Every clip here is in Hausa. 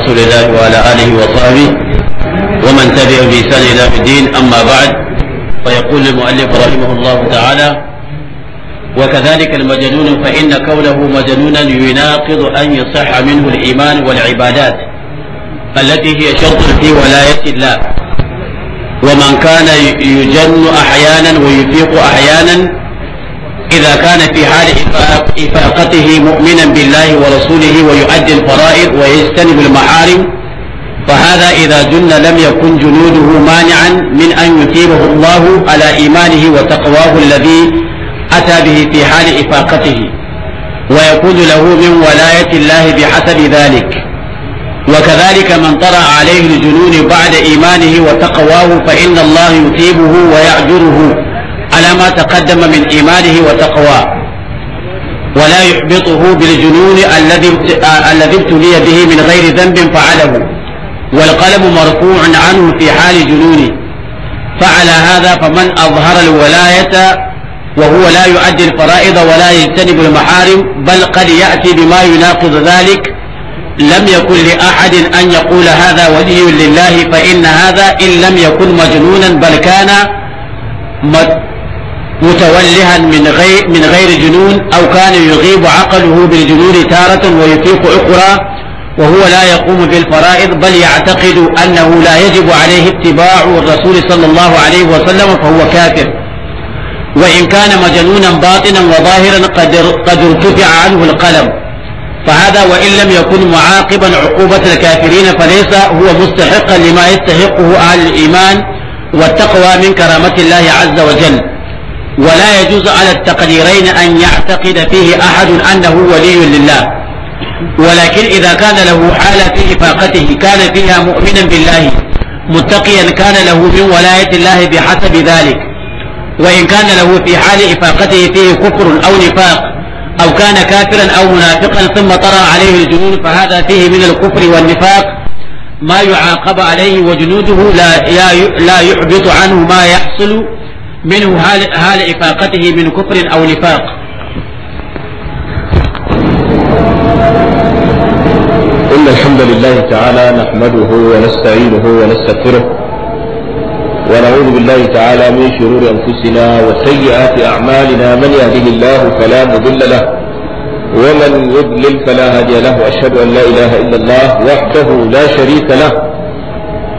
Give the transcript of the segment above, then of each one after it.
رسول الله وعلى آله وصحبه ومن تبع بإحسان إلى الدين أما بعد فيقول المؤلف رحمه الله تعالى وكذلك المجنون فإن كونه مجنونا يناقض أن يصح منه الإيمان والعبادات التي هي شرط في ولاية الله ومن كان يجن أحيانا ويفيق أحيانا إذا كان في حال إفاقته مؤمنا بالله ورسوله ويؤدي الفرائض ويجتنب المحارم فهذا إذا جن لم يكن جنوده مانعا من أن يثيبه الله على إيمانه وتقواه الذي أتى به في حال إفاقته ويكون له من ولاية الله بحسب ذلك وكذلك من طرأ عليه الجنون بعد إيمانه وتقواه فإن الله يثيبه ويعجره ما تقدم من إيمانه وتقوى ولا يحبطه بالجنون الذي آه، الذي ابتلي به من غير ذنب فعله والقلم مرفوع عنه في حال جنونه فعلى هذا فمن أظهر الولاية وهو لا يؤدي الفرائض ولا يجتنب المحارم بل قد يأتي بما يناقض ذلك لم يكن لأحد أن يقول هذا ولي لله فإن هذا إن لم يكن مجنونا بل كان متولها من غير من غير جنون او كان يغيب عقله بالجنون تارة ويفيق اخرى وهو لا يقوم بالفرائض بل يعتقد انه لا يجب عليه اتباع الرسول صلى الله عليه وسلم فهو كافر وان كان مجنونا باطنا وظاهرا قد قد ارتفع عنه القلم فهذا وان لم يكن معاقبا عقوبة الكافرين فليس هو مستحقا لما يستحقه اهل الايمان والتقوى من كرامة الله عز وجل ولا يجوز على التقديرين أن يعتقد فيه أحد أنه ولي لله ولكن إذا كان له حال في إفاقته كان فيها مؤمنا بالله متقيا كان له من ولاية الله بحسب ذلك وإن كان له في حال إفاقته فيه كفر أو نفاق أو كان كافرا أو منافقا ثم طرأ عليه الجنود فهذا فيه من الكفر والنفاق ما يعاقب عليه وجنوده لا, لا يحبط عنه ما يحصل منه هال, هال إفاقته من كفر أو نفاق إن الحمد لله تعالى نحمده ونستعينه ونستغفره ونعوذ بالله تعالى من شرور أنفسنا وسيئات أعمالنا من يهده الله فلا مضل له ومن يضلل فلا هادي له أشهد ان لا اله الا الله وحده لا شريك له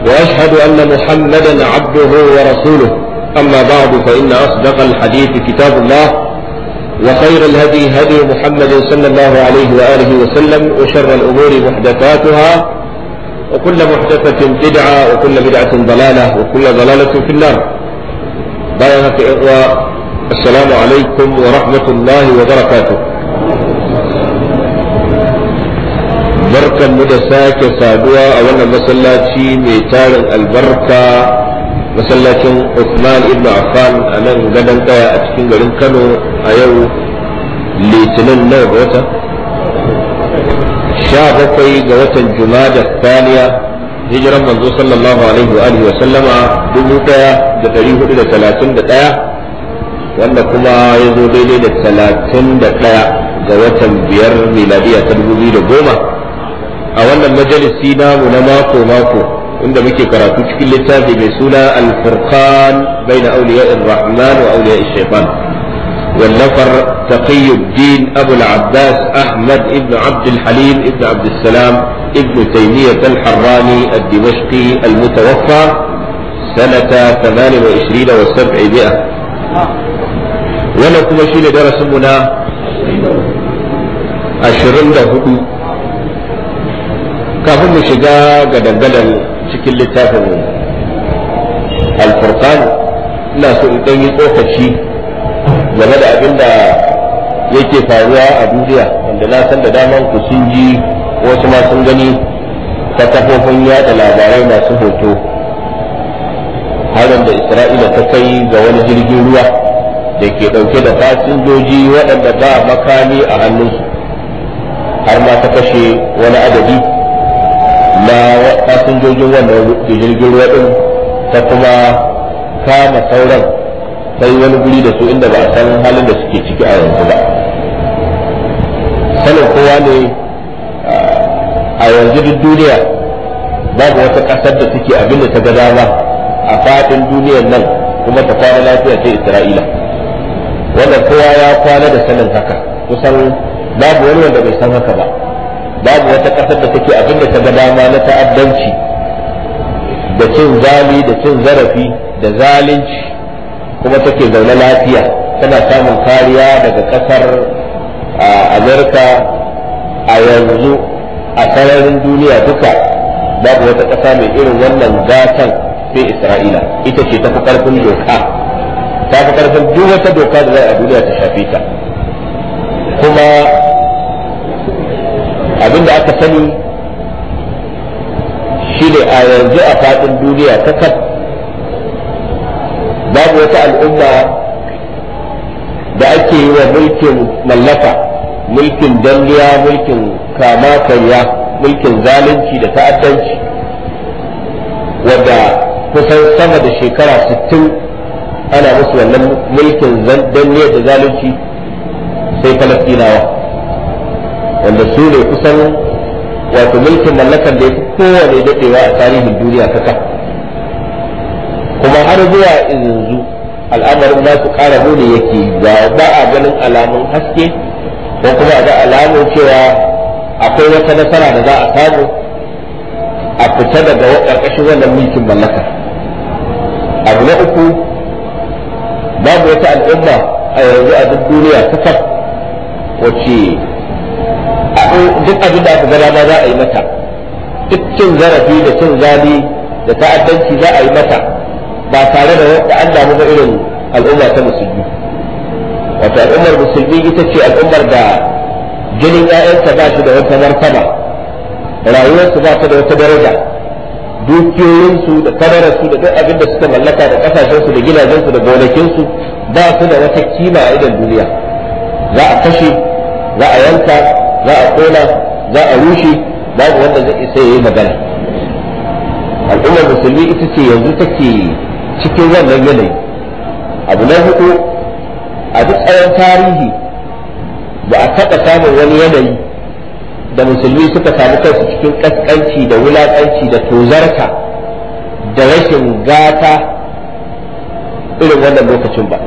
واشهد ان محمدا عبده ورسوله أما بعد فإن أصدق الحديث كتاب الله وخير الهدي هدي محمد صلى الله عليه وآله وسلم وشر الأمور محدثاتها وكل محدثة بدعة وكل بدعة ضلالة وكل ضلالة في النار بارك إخوة السلام عليكم ورحمة الله وبركاته بركة مدساك سادوا أولا مسلاتي ميتان البركة masallacin Uthman ibn Affan a nan gadon kaya a cikin garin Kano a yau litinin na ga wata sha bakwai ga watan Jumada Thaniya hijiran manzo sallallahu alaihi wa alihi wa sallama dubu daya da dari hudu da talatin da daya wanda kuma ya zo daidai da talatin da daya ga watan biyar miladiya ta dubu biyu da goma a wannan majalisi namu na mako mako inda muke karatu cikin littafi mai suna al-furqan baina awliya'ir rahman wa awliya'ir shaytan wallafar taqiyuddin abu al-abbas ahmad ibn abd al-halim ibn abd salam ibn taymiyyah al-harrani ad-dimashqi al-mutawaffa sanata 28 wa 700 wannan kuma shine darasin mu na 24 kafin mu shiga ga dangadan cikin littafin alfurkan ina so in ɗan yi tsokaci game da abin da yake faruwa a duniya wanda na san da daman ku sun ji wasu ma sun gani ta kafofin yada labarai masu hoto harin da isra'ila ta kai ga wani jirgin ruwa da ke ɗauke da fasinjoji waɗanda ba makami a hannunsu har ma ta kashe wani adadi na fasinjojin wannan jirgin ruwa din ta kuma kama sauran sai wani guri da su inda ba a san halin da suke ciki a yanzu ba sanin kowa ne a yanzu duk duniya babu wata ƙasar da suke abin da ta ga dama a faɗin duniyar nan kuma ta kwana lafiya ce isra'ila wanda kowa ya kwana da sanin haka kusan babu wani wanda bai san haka ba babu wata ƙasar da take abin da ta ga dama na ta'addanci da cin zali da cin zarafi da zalunci kuma take zaune lafiya tana samun kariya daga ƙasar amurka a yanzu a sararin duniya duka babu wata ƙasa mai irin wannan gatan sai isra'ila ita ce tafi ƙarfin doka ta fi ƙarfin duk wata doka da za a duniya ta shafe ta kuma abin da aka sani shi ne a yanzu a faɗin duniya ta kan babu wata al'umma da ake yi wa mulkin mallaka mulkin danniya mulkin kama karya mulkin zalunci da ta'addanci wadda kusan sama da shekara 60 ana musu wannan mulkin danniya da zalunci sai falastinawa wanda su ne kusan wato mulkin mallakar da ya fi kowane daɗewa a tarihin duniya kaka kuma har zuwa yanzu al'amarin za su ƙara nuni yake ba ba a ganin alamun haske ko kuma a ga alamun cewa akwai wata nasara da za a samu a fita daga ƙarƙashin wannan mulkin mallaka abu na uku babu wata al'umma a yanzu a duk duniya ta wacce duk abin da aka gada ma za a yi mata duk cin zarafi da cin zali da ta'addanci za a yi mata ba tare da wanda an damu ba irin al'umma ta musulmi wato al'ummar musulmi ita ce al'ummar da jinin 'ya'yanta ba shi da wata martaba rayuwarsu ba ta da wata daraja dukiyoyinsu da kadararsu da duk abin da suka mallaka da kasashensu da gidajensu da gonakinsu ba su da wata kima a idan duniya za a kashe za a yanka za a kona za a rushe babu wanda zai isa yayi magana al'ummar musulmi ita ce yanzu take cikin wannan yanayi abu na hudu a duk tsawon tarihi ba a taɓa samun wani yanayi da musulmi suka samu kansu cikin ƙasƙanci da wulaƙanci da tozarka da rashin gata irin wannan lokacin ba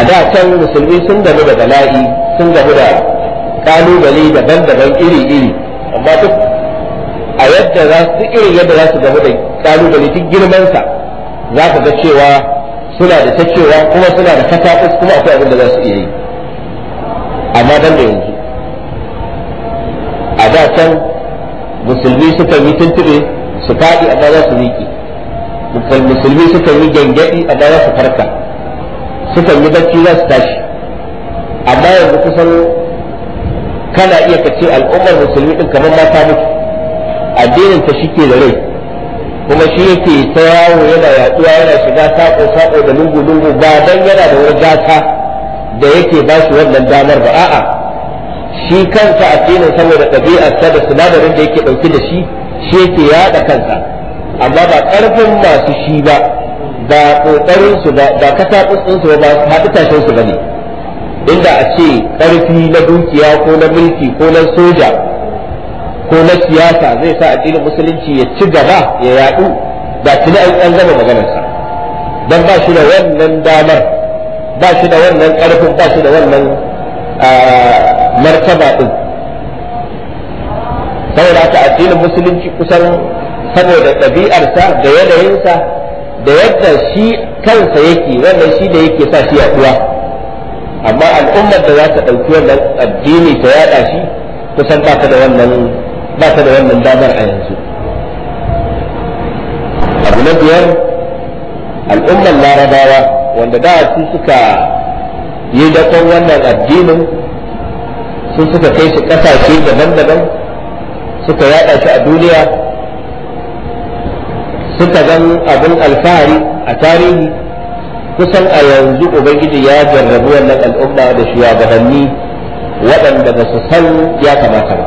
a da can musulmi sun gamu da bala'i sun gamu da kalubale daban-daban iri-iri amma duk a yadda za su irin yadda za su gaba da kalubale duk girmansa za ka ga cewa suna da ta cewa kuma suna da katakus kuma akwai abin da za su iya yi amma dan da yanzu a da can musulmi sukan yi tuntube su faɗi amma za su miƙe musulmi sukan yi gyangyaɗi amma za su farka sukan yi bacci za su tashi amma yanzu kusan kana iya ka ce al'ummar musulmi din kamar mata ta mutu addinin ta shike da rai kuma shi yake ta yawo yana yaduwa yana shiga sako sako da lungu lungu ba dan yana da wani gata da yake ba shi wannan damar ba a'a shi kansa addinin saboda ta da sinadarin da yake ɗauke da shi shi yake yaɗa kansa amma ba ƙarfin masu shi ba ba ƙoƙarinsu ba ba kasa ba haɗu tashinsu ba ne inda a ce ƙarfi na dukiya ko na mulki ko na soja ko na siyasa zai sa addinin musulunci ya ci gaba ya yaɗu da tuni an gama maganarsa don ba shi da wannan damar ba shi da wannan ƙarfin ba shi da wannan martaba ɗin saboda haka addinin musulunci kusan saboda ɗabi'arsa da yanayinsa da yadda shi kansa yake wannan shi da yake sa shi yaɗuwa amma al'ummar da za ta ɗauki wannan addini ta yaɗa shi kusan ba ta da wannan damar a yanzu abu na biyar al'ummar larabawa wanda da su suka yi dakon wannan addinin su suka kai shi ƙasashe daban-daban suka yaɗa shi a duniya suka gan abin alfahari a tarihi kusan a yanzu ubangiji ya jarrabu wannan al'umma da shugabanni waɗanda ba su san ya kamata ba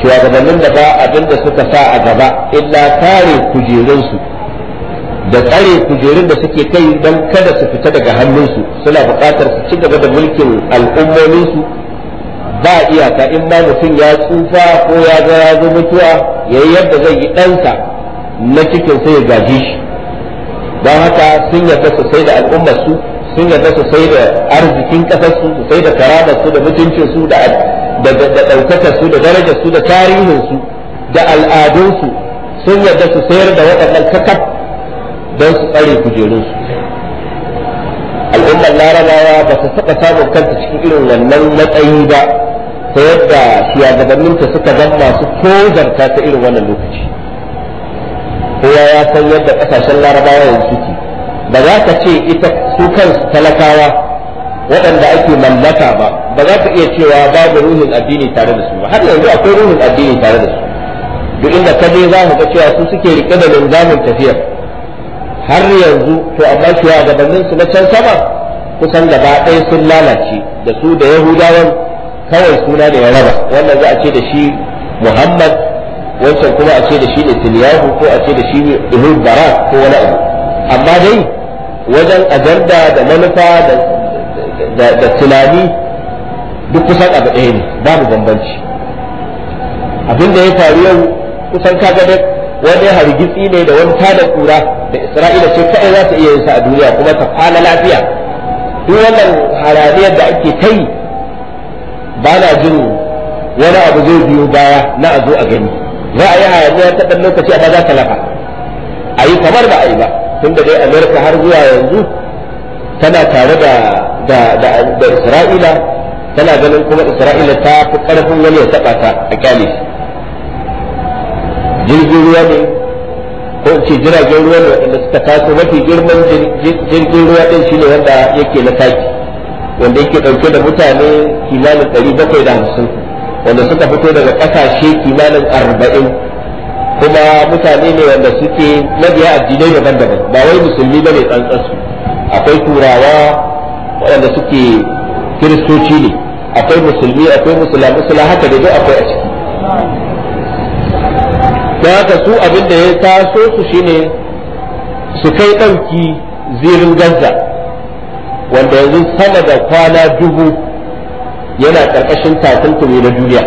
shugabannin da ba abin da suka sa a gaba illa kare kujerunsu da tsare kujerun da suke kai don kada su fita daga hannunsu suna buƙatar su ci gaba da mulkin al'ummominsu ba iyaka in ma mutum ya tsufa ko ya ga ya zo mutuwa yayi yadda zai yi ɗansa na cikin sai ya gaji shi don haka sun yarda su sai da al'ummar su sun yarda su sai da arzikin kasar su sai da karamar su da mutuncin su da da su da darajar su da tarihin su da al'adun su sun yarda su sayar da waɗannan kakaf don su tsare kujerun su al'ummar larabawa ba su saka samun kanta cikin irin wannan matsayi ba ta yadda shugabanninta suka zama masu kozarta ta irin wannan lokaci kowa ya san yadda kasashen larabawa yanzu suke ba za ka ce ita su kansu talakawa waɗanda ake mallaka ba ba za ka iya cewa babu ruhin addini tare da su ba har yanzu akwai ruhin addini tare da su duk inda ka je za ka ga cewa su suke rike da linzamin tafiyar har yanzu to amma shugabannin su na can sama kusan gaba ɗaya sun lalace da su da yahudawan kawai suna da ya raba wannan za a ce da shi muhammad wancan kuma a ce da shi ne Netanyahu ko a ce da shi ne Ehud Bara, ko wani abu amma dai wajen ajarda da manufa da tunani duk kusan abu ɗaya ne babu bambanci abin da ya faru yau kusan ka wani hargitsi ne da wani tada kura da Isra'ila ce kai za ta iya yin sa a duniya kuma ta kwana lafiya duk wannan haraniyar da ake kai ba na jin wani abu zai biyo baya na a zo a gani za a yi hayaniya ta ɗan lokaci amma za ta lafa a yi kamar ba a yi ba tun da dai amerika har zuwa yanzu tana tare da da isra'ila tana ganin kuma isra'ila ta fi ƙarfin wani ya taɓa ta a kyale jirgin ruwa ne ko in ce jiragen ruwa ne wanda suka taso mafi girman jirgin ruwa ɗin shine wanda yake na taki wanda yake ɗauke da mutane kimanin ɗari bakwai da hamsin wanda suka fito daga ƙasashe kimanin arba'in kuma mutane ne wanda suke mabiya addinai daban-daban ba wai musulmi ba ne tsantsansu akwai turawa waɗanda suke kiristoci ne akwai musulmi akwai musulmi su haka da akwai a ciki da haka su abin da ya taso su shine su kai ɗauki zirin gaza wanda yanzu sama da kwana dubu yana karkashin takunkumi na duniya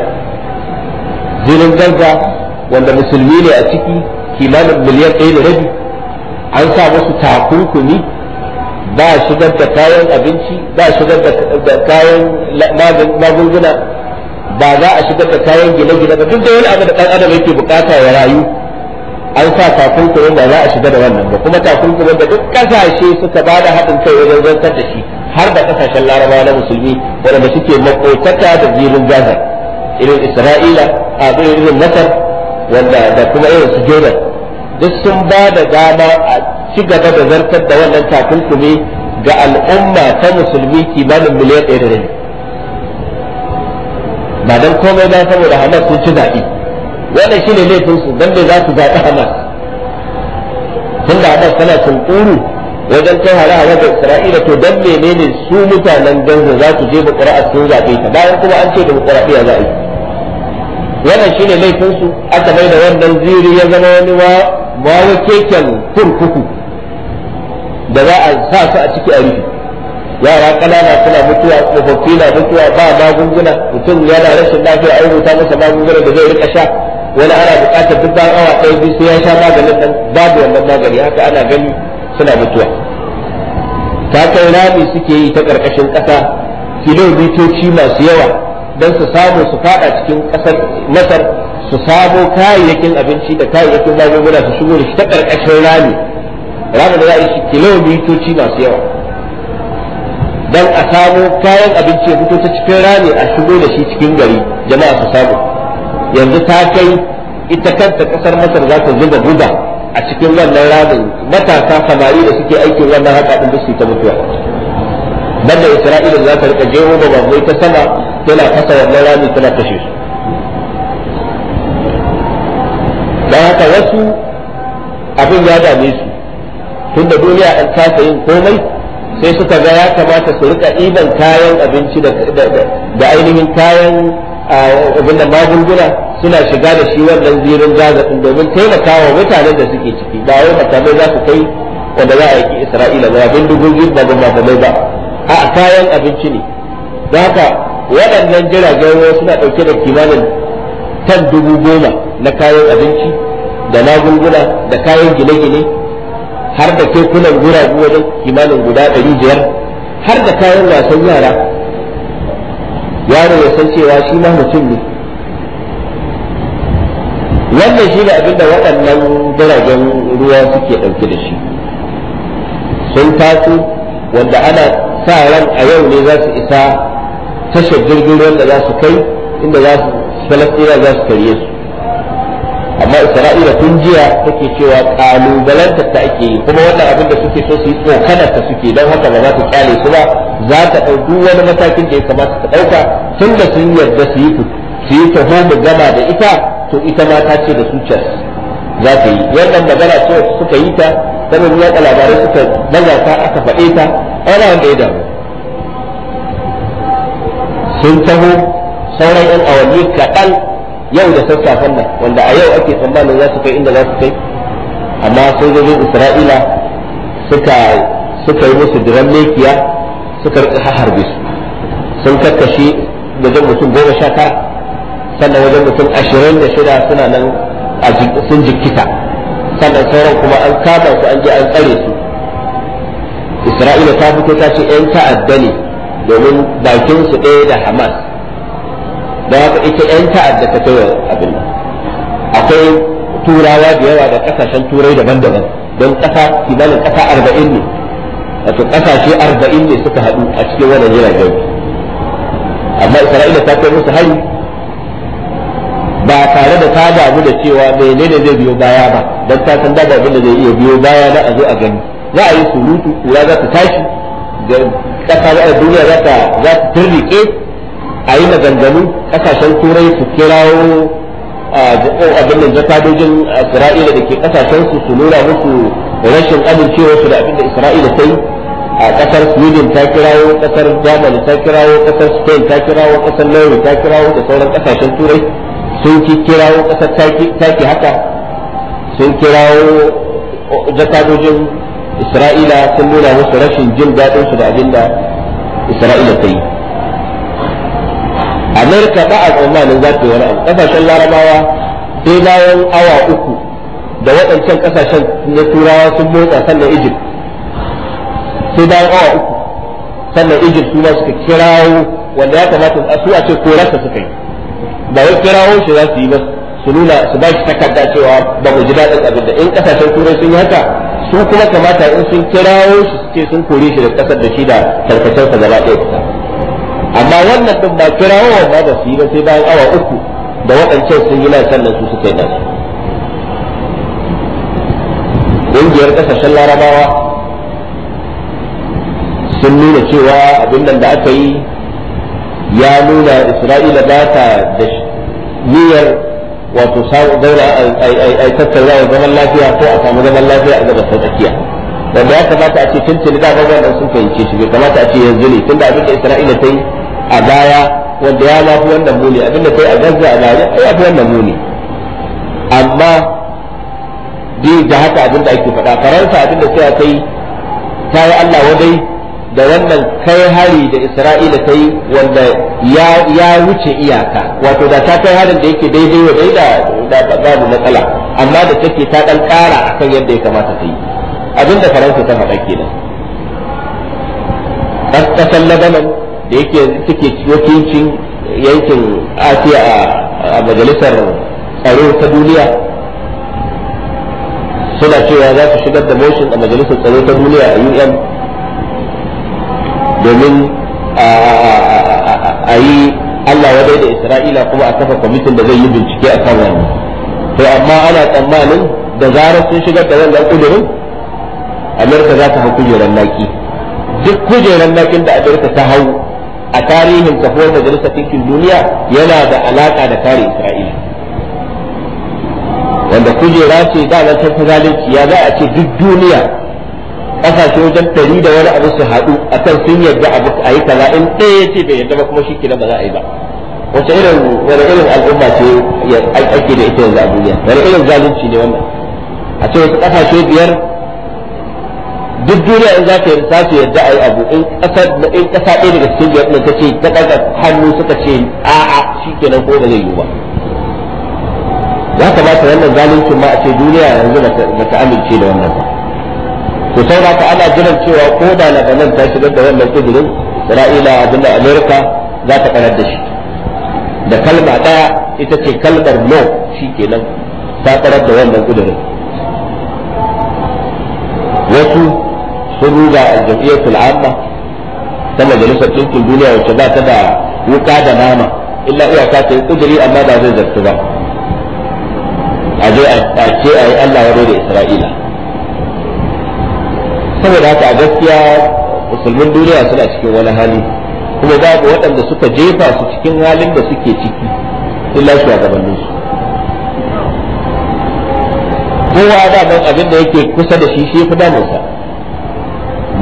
jinin gaza wanda musulmi ne a ciki kimanin miliyan ɗaya da rabi an sa musu takunkumi ba shigar da kayan abinci ba shigar da kayan magunguna ba za a shigar da kayan gine-gine ba duk da wani abu da ɗan adam yake bukata ya rayu an sa takunkumin da za a shiga da wannan ba kuma takunkumin da duk kasashe suka ba da haɗin kai wajen zartar da shi har da kasashen larabawa na musulmi waɗanda suke makotaka da zirin gaza irin isra'ila a irin masar wanda da kuma irin su jordan duk sun ba da dama a ci gaba da zartar da wannan takunkumi ga al'umma ta musulmi kimanin miliyan ɗaya da rabi ba don komai ba saboda hamas sun ci zaɓi wannan shine laifinsu don me za su zaɓi hamas da hamas tana tunkuru wajen kai hare-hare ga Isra'ila to dan menene su mutanen Gaza za su je a sun zabe ta bayan kuma an ce da bukura'a za a yi wannan shine laifin su aka mai da wannan ziri ya zama wani wawa keken kurkuku da za a sa su a ciki a rufe yara ƙanana suna mutuwa tsofaffi na mutuwa ba magunguna mutum yana rashin lafiya a rubuta masa magunguna da zai rika sha wani ana buƙatar duk bayan awa ɗaya biyu sai ya sha maganin nan babu wannan magani haka ana gani suna mutuwa ta kai rami suke yi ta ƙarƙashin ƙasa bitoci masu yawa don su samu su fada cikin ƙasar masar su samo kayayyakin abinci da kayayyakin magunguna su shigo da shi ta ƙarƙashin rami rami da za a yi shi kilomitoci masu yawa don a samo kayan abinci ya fito ta cikin rami a shigo da shi cikin gari jama'a su samu yanzu ta kai ita kanta ƙasar masar za ta zuba guda. a cikin wannan ramin matasa samari da suke aikin wannan haka din su ta mutuwa banda isra'ila za ta rika jeho da babu ta sama tana fasa wannan ramin tana kashe su Da haka wasu abin ya dame su tunda duniya an kasa yin komai sai suka ga ya kamata su rika iban kayan abinci da ainihin kayan ah, abin da magunguna suna shiga da shi wannan zirin gaza domin taimakawa mutanen da suke ciki ba wai makamai za su kai wanda za a yi isra'ila ba biyu ba ba ba ba a kayan abinci ne da haka waɗannan jiragen ruwa suna ɗauke da kimanin kan dubu goma na kayan abinci da magunguna da kayan gine-gine har da kekunan guragu wajen kimanin guda ɗari biyar har da kayan wasan yara yaro ya san cewa shi ma mutum ne wannan shi ne abinda waɗannan jiragen ruwa suke ɗauke da shi sun taso wanda ana sa ran a yau ne za su isa tashar jirgin ruwan da za su kai inda za su falastina za su karye su amma isra'ila tun jiya take cewa kalubalanta ta ake yi kuma wannan abin da suke so su yi tsokanar ta suke don haka ba za ta kyale su ba za ta ɗauki wani matakin da ya kamata ta ɗauka tun da sun yarda su yi su taho gama da ita to ita ma ta ce da su cas za ta yi wannan magana ce suka yi ta saboda yaɗa labarai suka daga ta aka faɗe ta ana wanda ya damu sun taho sauran yan awanni kaɗan yau da sassafen nan wanda a yau ake tsammanin za su kai inda za su kai amma sojojin isra'ila suka suka yi musu diran lekiya suka rika harbe su sun kakkashe wajen mutum goma sha tara sannan wajen mutum ashirin da shida suna nan sun jikita sannan sauran kuma an kama su an je an tsare su isra'ila ta fito ta ce 'yan ta'adda ne domin bakin su ɗaya da hamas don haka ita 'yan ta'adda ta kai abin nan akwai turawa da yawa da ƙasashen turai daban-daban don ƙasa kimanin ƙasa arba'in ne wato ƙasashe arba'in ne suka haɗu a cikin wannan jiragen amma isra'ila ta kai musu hari ba tare da ta damu da cewa menene zai biyo baya ba dan ta san da abin da zai iya biyo baya na a zo a gani za a yi surutu kura za ta tashi kasa da duniya za ta za ta turrike a yi maganganu kasashen turai su kirawo abin da jakadojin isra'ila da ke kasashen su su nuna musu rashin amincewa su da abin da isra'ila ta yi a kasar sweden ta kirawo kasar germany ta kirawo kasar spain ta kirawo kasar norway ta kirawo da sauran kasashen turai sun kirawo ƙasar taki haka sun kirawo jakadojin isra'ila sun nuna musu rashin jin daɗinsu da abin da isra'ila ta yi amerika ba a tsammanin za ta yi wani abu ƙasashen larabawa sai bayan awa uku da waɗancan ƙasashen na turawa sun motsa sannan egypt sai bayan awa uku sannan egypt suna suka kirawo wanda ya kamata su a ce korarsa suka yi ba wai kirawo shi za su yi ba su nuna su ba shi takarda cewa ba mu ji daɗin abin da in ƙasashen turai sun yi haka su kuma kamata in sun kirawo shi su ce sun kore shi da ƙasar da shi da tarkacensa gaba ɗaya fita amma wannan ɗin ba kirawo ba ba su yi ba sai bayan awa uku da waɗancan sun yi nan sannan su suka yi ƙungiyar ƙasashen larabawa sun nuna cewa abin nan da aka yi ya nuna isra'ila ba ta da niyyar wato daura a tattauna zaman lafiya ko a samu zaman lafiya a gabas ta tsakiya wanda ya kamata a ce tuntuni da gaban da sun fahimce shi bai kamata a ce yanzu ne tunda abin da isra'ila ta yi a baya wanda ya lafi wannan muni abin da ta yi a gaza a baya ya fi wannan muni amma bi da haka abin da ake faɗa faransa abin da ta yi ta yi allah wadai da wannan kai hari da isra'ila ta yi wanda ya wuce iyaka wato da ta kai harin da yake daidai wa daida da babu matsala amma da take ta dan kara akan yadda ya kamata ta yi Abinda da faransa ta faɗa kenan ɗan ƙasar da yake suke wakilcin yankin asiya a majalisar tsaro ta duniya suna cewa za su shigar da motion a majalisar tsaro ta duniya a un domin a yi Allah ya da Isra'ila kuma a kafa kwamitin da zai yi bincike a kan wannan to amma ana tsammanin da zarar sun shigar da wannan kudurin Amerika za ta hau kujeran naki duk kujeran nakin da Amerika ta hau a tarihin kafuwar majalisar ɗinkin duniya yana da alaƙa da kare isra'ila wanda kujera ce da na ta zalunci ya za a ce duk duniya kasashe wajen ɗari da wani abu su haɗu kan sun yarda abu a yi kaza in ɗaya ce bai yarda ba kuma shi kenan ba za a yi ba wace irin wani irin al'umma ce ake da ita yanzu a duniya wani irin zalunci ne wannan a ce wasu kasashe biyar duk duniya in za ta yarda za su yarda a yi abu in ƙasa ɗaya daga cikin biyar ɗin ta ce ta ɗaga hannu suka ce a'a shi kenan ko ba zai yi ba ya kamata wannan zaluncin ma a ce duniya yanzu ba ta amince da wannan ba to sai da ana jiran cewa ko da Lebanon ta shigar da wannan kudirin Isra'ila abin da Amerika za ta karar da shi da kalma daya ita ce kalmar no shikenan ta karar da wannan kudirin wasu sun ruga a jam'iyyar amma ta majalisar ɗinkin duniya wacce ba ta da wuka da nama illa iya ta yi kudiri amma ba zai zartu ba a je a ce a yi Allah ya da Isra'ila saboda haka a gaskiya musulmin duniya suna cikin wani hali kuma za ga waɗanda suka jefa su cikin halin da suke ciki illa shugabannin su kowa da nan abin da yake kusa da shi shi fi damunsa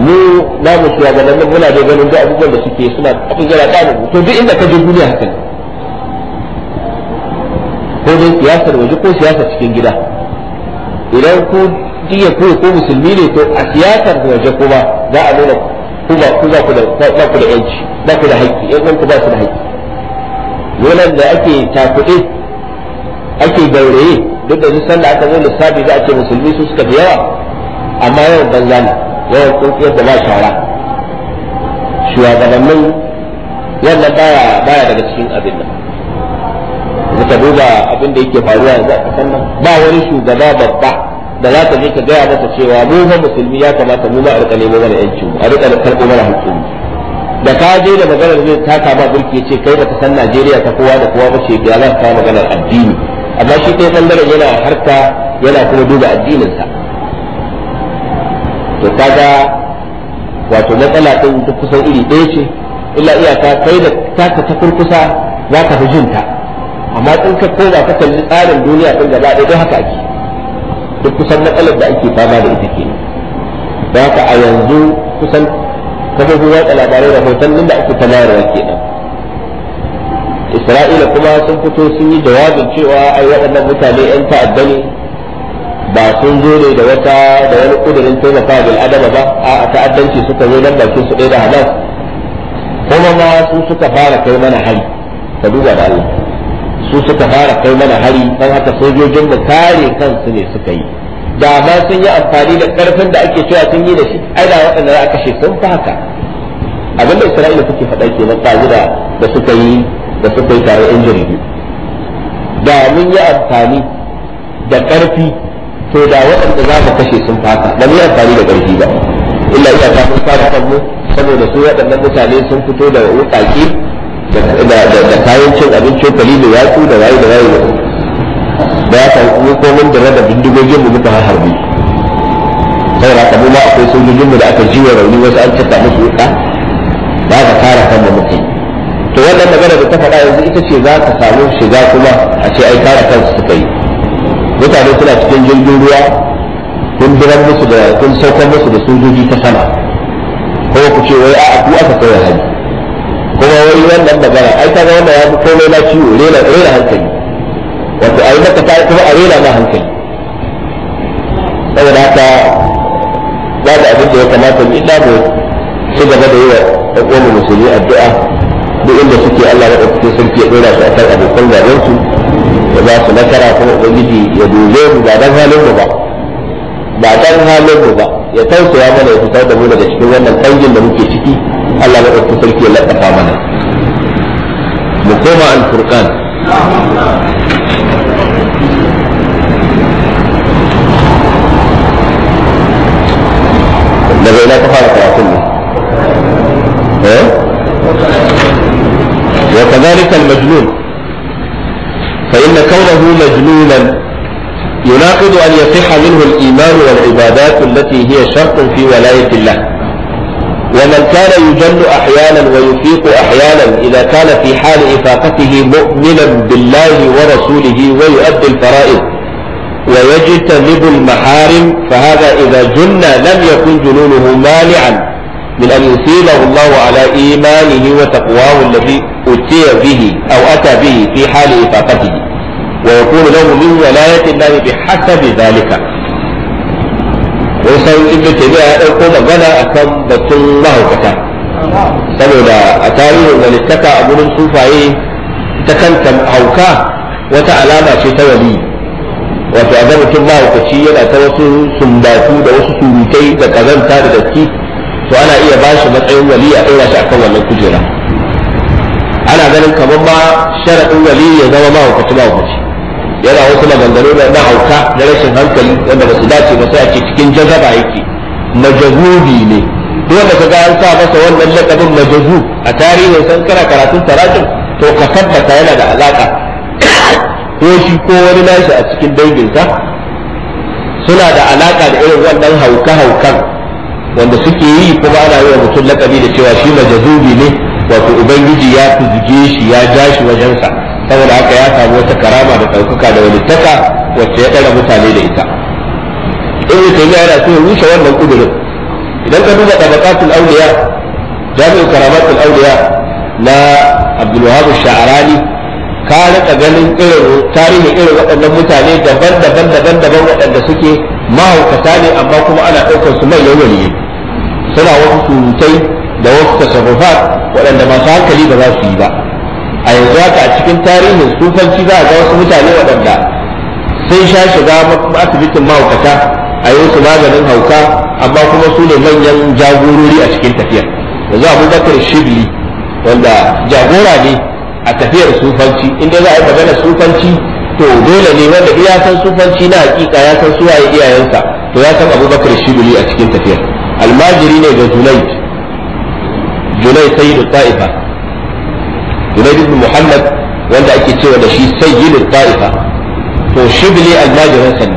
mu namu nan muna da ganin duk abubuwan da suke suna abin yana damun to duk inda ka je duniya haka ne ko dai siyasar waje ko siyasar cikin gida idan ku duk ya koyi ko musulmi ne to a siyasar da waje kuma za a nuna ku ba ku za ku da yanci ba ku da haƙƙi ƴan uwanku ba su da haƙƙi yolan da ake takuɗe ake gauraye duk da duk sanda aka zo lissafi za a ce musulmi su suka fi yawa amma yawan banza ne yawan tsuntsiyar da ba shara shugabannin wannan baya baya daga cikin abin nan muka duba abin da yake faruwa yanzu a kasan nan ba wani shugaba babba da za ta je ka gaya mata cewa mu musulmi ya kamata mu ma a rika nemo mana yancin a rika karɓo mana hakkin da ka je da maganar zai taka ba burki ce kai baka san Najeriya ta kowa da kowa bace ga za ka maganar addini amma shi kai bangaren yana harka yana kuma duba addininsa to kaga wato matsala din ta kusan iri ɗaya ce illa iyaka kai da taka ta kurkusa za ka fi jinta amma in ka koma ka kalli tsarin duniya din gaba ɗaya haka ake duk kusan matsalar da ake fama da ita kenan da ka a yanzu kusan kafofin watsa labarai da hoton da ake talayarwa kenan isra'ila kuma sun fito sun yi jawabin cewa ai waɗannan mutane 'yan ta'adda ne ba sun zo ne da wata da wani kudirin taimaka bil adama ba a ta'addanci suka zo nan bakin su ɗaya da halal kuma ma su suka fara kai mana hari ka duba da Allah su suka fara kai mana hari don haka sojojin da kare kansu ne suka yi da ma sun yi amfani da karfin da ake cewa sun yi da shi ai da waɗanda za a kashe sun fi haka abin da isra'ila suke faɗa ke nan ɗazu da suka yi da suka yi tare yan jaridu da mun yi amfani da ƙarfi to da waɗanda za mu kashe sun fi haka da mun yi amfani da ƙarfi ba illa iya ta mun fara kanmu saboda su waɗannan mutane sun fito da wuƙaƙe da kayan cin abinci kali da yatsu da waye da waye da ya kai kuma ko mun da bindigogin mu muka harbi Sai da mu ma akwai sojojin mu da aka jiwa rauni wasu an cika musu wuka ba ka kare mu muke to wannan magana da ta faɗa yanzu ita ce za ka samu shiga kuma a ce ai kare kansu suka yi mutane suna cikin jirgin ruwa kun biran musu da kun saukar musu da sojoji ta sama ko ku ce wai a'a ku aka kai hali kuma wai wannan magana ai kaga wannan ya fi komai na ciwo rena hankali wato a yi maka ta kuma a rera ma hankali saboda haka ba da abin da ya kamata mu ina mu ci gaba da yi wa ɗan'uwan musulmi addu'a duk inda suke Allah ya ɗauki sarki ya ɗora su a kan abokan gaban su da za su nasara kuma ubangiji ya dole mu ba dan halin mu ba ba dan halin mu ba ya tausaya mana ya fitar da mu daga cikin wannan kangin da muke ciki Allah ya ɗauki sarki ya laɗafa mana mu koma al-furqan daga ina ka fara karatun ne wa kadhalika al-majnun fa inna majnunan يناقض أن يصح منه الإيمان والعبادات التي هي شرط في ولاية الله ومن كان يجن أحيانا ويفيق أحيانا إذا كان في حال إفاقته مؤمنا بالله ورسوله ويؤدي الفرائض ويجتنب المحارم فهذا إذا جن لم يكن جنونه مانعا من أن يصيبه الله على إيمانه وتقواه الذي أتي به أو أتى به في حال إفاقته ويكون له من ولاية الله بحسب ذلك wasan ibnu tabi'a أقوم غنى أكم بطل الله mahaukata saboda أتاريه من walittaka a gurin sufaye ta kanta hauka wata wato a mahaukaci yana ta wasu sumbatu da wasu surutai da kazanta da datti to ana iya ba shi matsayin wali a ɗora shi akan wannan kujera ana ganin kamar ma sharaɗin wali ya zama mahaukacin mahaukaci yana wasu maganganu da na hauka na rashin hankali wanda ba su dace ba sai a ce cikin jazaba yake majazubi ne duk wanda ka ga an sa masa wannan lakabin majazu a tarihin san kana karatun tarajin to ka tabbata yana da alaƙa. shi ko wani nashi a cikin danginsa suna da alaka da irin wannan hauka-haukan wanda suke yi kuma ana yi wa mutum lakabi da cewa shi majazubi ne wato ubangiji ya fizige shi ya ja shi wajensa saboda haka ya samu wata karama da ɗaukaka da walittaka wacce ya ɗara mutane da ita ibn taymiya yana so ya rushe wannan kudurin idan ka duba tabaqatul awliya jami'u karamatul awliya na abdul wahab sha'rani ka rika ganin irin tarihi irin waɗannan mutane daban-daban daban-daban waɗanda suke mahaukata ne amma kuma ana ɗaukar su manyan waliyi suna wasu surutai da wasu tasarrufat waɗanda masu hankali ba za su yi ba a yanzu haka a cikin tarihin sufanci za a ga wasu mutane waɗanda sun sha shiga asibitin mahaukata a yi su maganin hauka amma kuma su ne manyan jagorori a cikin tafiya yanzu abubakar shibli wanda jagora ne a tafiyar sufanci inda za a yi magana sufanci to dole ne wanda ya san sufanci na hakika ya san suwaye iyayensa to ya san abubakar shibuli a cikin tafiyar almajiri ne ga junaid junaid sayyidu ta'ifa junaid ibn muhammad wanda ake cewa da shi sayyidu ta'ifa to shibuli almajirinsa ne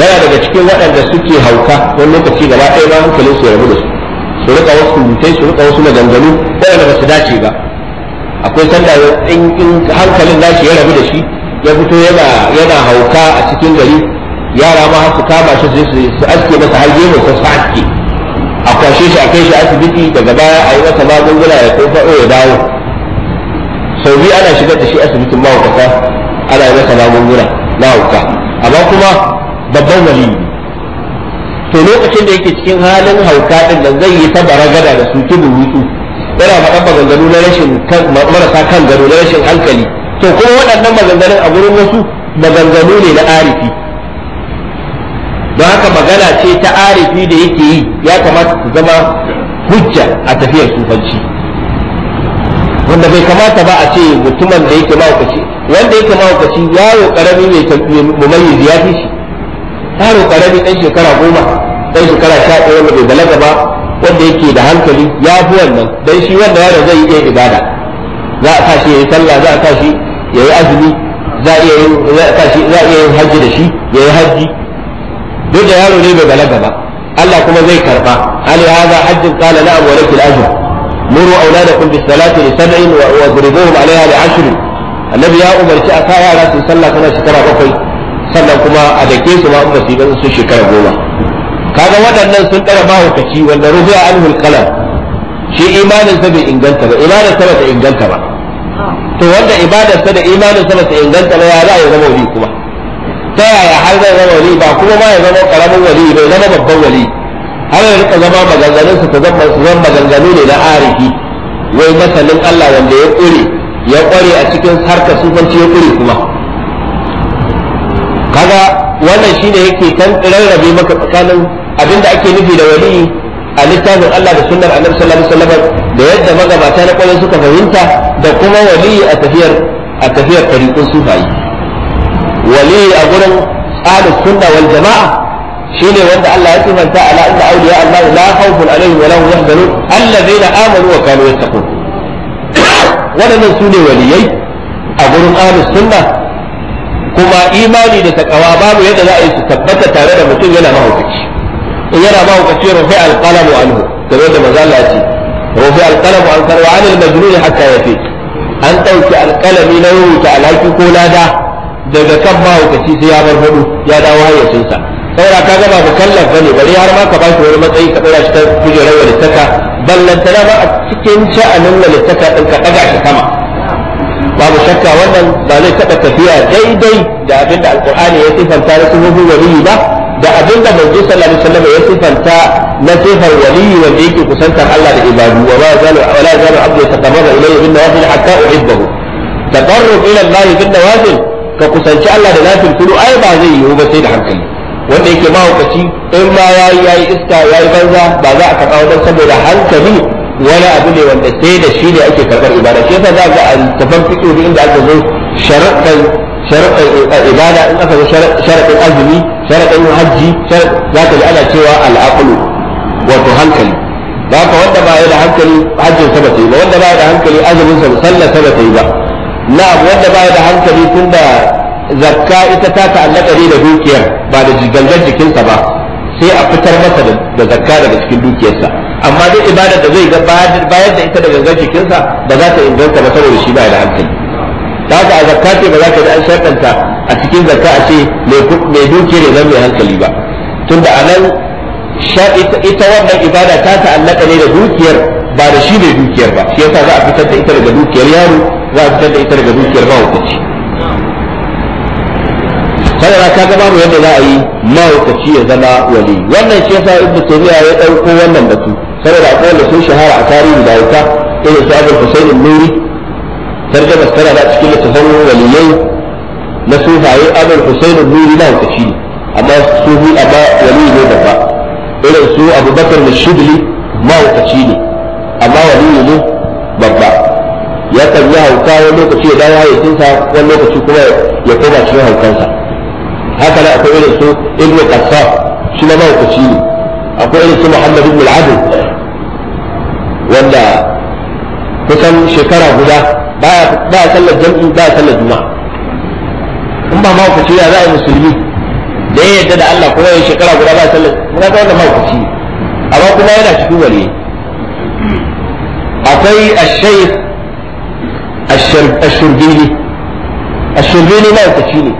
yana daga cikin waɗanda suke hauka wani lokaci gaba ɗaya ba hankalin su ya rabu da su su rika wasu mutai su rika wasu maganganu waɗanda ba su dace ba akwai sanda in in hankalin nashi ya rabu da shi ya fito yana yana hauka a cikin gari yara ma su kama shi su su aske masa har gemu su su a kwashe shi a kai shi asibiti daga baya a yi masa magunguna ya kofa oh, ya dawo sau biyu ana shigar da shi asibitin mahaukata ana yi masa magunguna na hauka amma kuma babban ne. to lokacin da yake cikin halin hauka din da zai yi ta baragada da su tudu wutu yana faɗan maganganu na rashin marasa kan gado na rashin hankali to kuma waɗannan maganganun a gurin wasu maganganu ne na arifi don haka magana ce ta arifi da yake yi ya kamata su zama hujja a tafiyar sufanci wanda bai kamata ba a ce mutumin da yake mahaukaci wanda yake mahaukaci yaro karami mai mumayyiz ya fi shi yaro karami ɗan shekara goma ɗan shekara sha ɗaya wanda bai balaga ba wanda yake da hankali ya fi wannan dan shi wanda yaro zai iya ibada za a sa shi yayi sallah za a sa shi yayi azumi za a iya za a iya yin haji da shi yayi haji duk da yaro ne bai balaga ba Allah kuma zai karba hal hadha hajjin qala na'am wa lakil ajr muru auladakum bis salati li sab'in wa adribuhum 'alayha li 'ashr annabi ya umarci a sa yara su sallah kana shekara bakwai sannan kuma a dake su ma ba su yi su shekara goma kaga waɗannan sun ɗara mahaukaci wanda rubuwa anhul qalam shi imanin sa bai inganta ba imanin sa bata inganta ba to wanda ibadar sa da imanin sa bata inganta ba ya za ya zama wali kuma ta yaya har zai zama wali ba kuma ba ya zama karamin wali bai zama babban wali har ya rika zama maganganun sa ta zama su zama maganganu ne na arifi wai masalin Allah wanda ya kure ya kware a cikin harkar sufanci ya kure kuma kaga wannan shine yake kan rarrabe maka tsakanin abinda ake nufi da wali a littafin Allah da sunnar annabi sallallahu alaihi wasallam da yadda magabata na kwarai suka fahimta da kuma wali a tafiyar a tafiyar tariqun sufayi wali a gurin ahlus sunna wal jama'a shine wanda Allah ya sifanta ala inna awliya Allah la khawfun alaihim wa la hum yahzanun alladhina amanu wa kanu yattaqun wadannan sune waliyai a gurin ahlus sunna kuma imani da takawa babu yadda za a yi su tabbata tare da mutum yana mahaukaci yana ba ku kace rufi anhu kamar da maza Allah ce rufi alƙalamu an karwa an almajnun ya yafi an ɗauki alƙalami na rubuta alhaki ko lada daga kan ba ku sai ya bar hudu ya dawo hayyacinsa. sa saura ka tallaf ba ne, bane har ma ka ba shi wani matsayi ka ɗora shi kan kujerar walittaka ballantana ba a cikin sha'anin walittaka ɗin ka daga shi sama babu shakka wannan ba zai taɓa tafiya daidai da abin da alƙur'ani ya sifanta na sunan waliyi ba da abin da manzo sallallahu alaihi wasallam ya sifanta na sifar waliyi wanda yake kusantar Allah da ibadu wa la zalu wa la zalu abdu yataqarrabu ilayhi bin nawafil hatta uhibbahu taqarrub ila Allah bin nawafil ka kusanci Allah da nafil kudu ai ba zai yi ba sai da hankali wanda yake mahaukaci in ma yayi yayi iska yayi banza ba za a karɓa wajen saboda hankali wani abu ne wanda sai da shi ne ake karɓar ibada shi yasa za ga a tafan fiƙo inda aka zo sharaɗan sharaɗin eh, eh, ibada in aka zo sharaɗin azumi sharaɗin hajji za ka ji ana cewa al'aqlu wato hankali ba ka wanda ba ya da hankali hajjin sa ba yi ba wanda ba ya da hankali azumin sa sallar sa ba ta yi ba na wanda ba ya da hankali tun da zakka ita ta ta'allaka ne da dukiyar ba da gangan jikinsa ba sai a fitar masa da zakka daga cikin dukiyarsa amma duk ibadar da zai bayar da ita da gangan jikinsa ba za ta inganta ba saboda shi ba ya da hankali ta haka a zakka ce ba za ka ji an shakanta a cikin zakka a ce mai dukiyar ne zan mai hankali ba tunda a nan ita wannan ibada ta ta'allaka ne da dukiyar ba da shi mai dukiyar ba shi yasa za a fitar da ita daga dukiyar yaro za a fitar da ita daga dukiyar mahaukaci saboda ka ga babu yadda za a yi mahaukaci ya zama wali wannan shi yasa ibnu taymiya ya dauko wannan batu saboda akwai wanda sun shahara a tarihin da ita irin su abul husayn nuri ترجمه ترى بقى تشكيل التفاهم وليين ما سوف عليه أمر حسين بن لا تشيل أما سوف أبا ولي بن أبا إلى سوء أبو بكر من الشبلي ما هو تشيلي أما ولي بن أبا يا ترى هوكا ولو تشيل دا هاي تنسى ولو تشيل كوا يتبع شنو هوكا هكذا أقول إلى سوء ابن قصاص شنو ما هو تشيلي أقول إلى محمد بن العدل ولا فكان شكرا هداه baya baya sallar jam'i baya sallar juma'a in ba mahaukaci ya za a yi musulmi da ya yadda da Allah kuma ya shekara guda baya sallar muna ga wanda mahaukaci amma kuma yana cikin wali akwai ash-shaykh ash-shurbini ash ne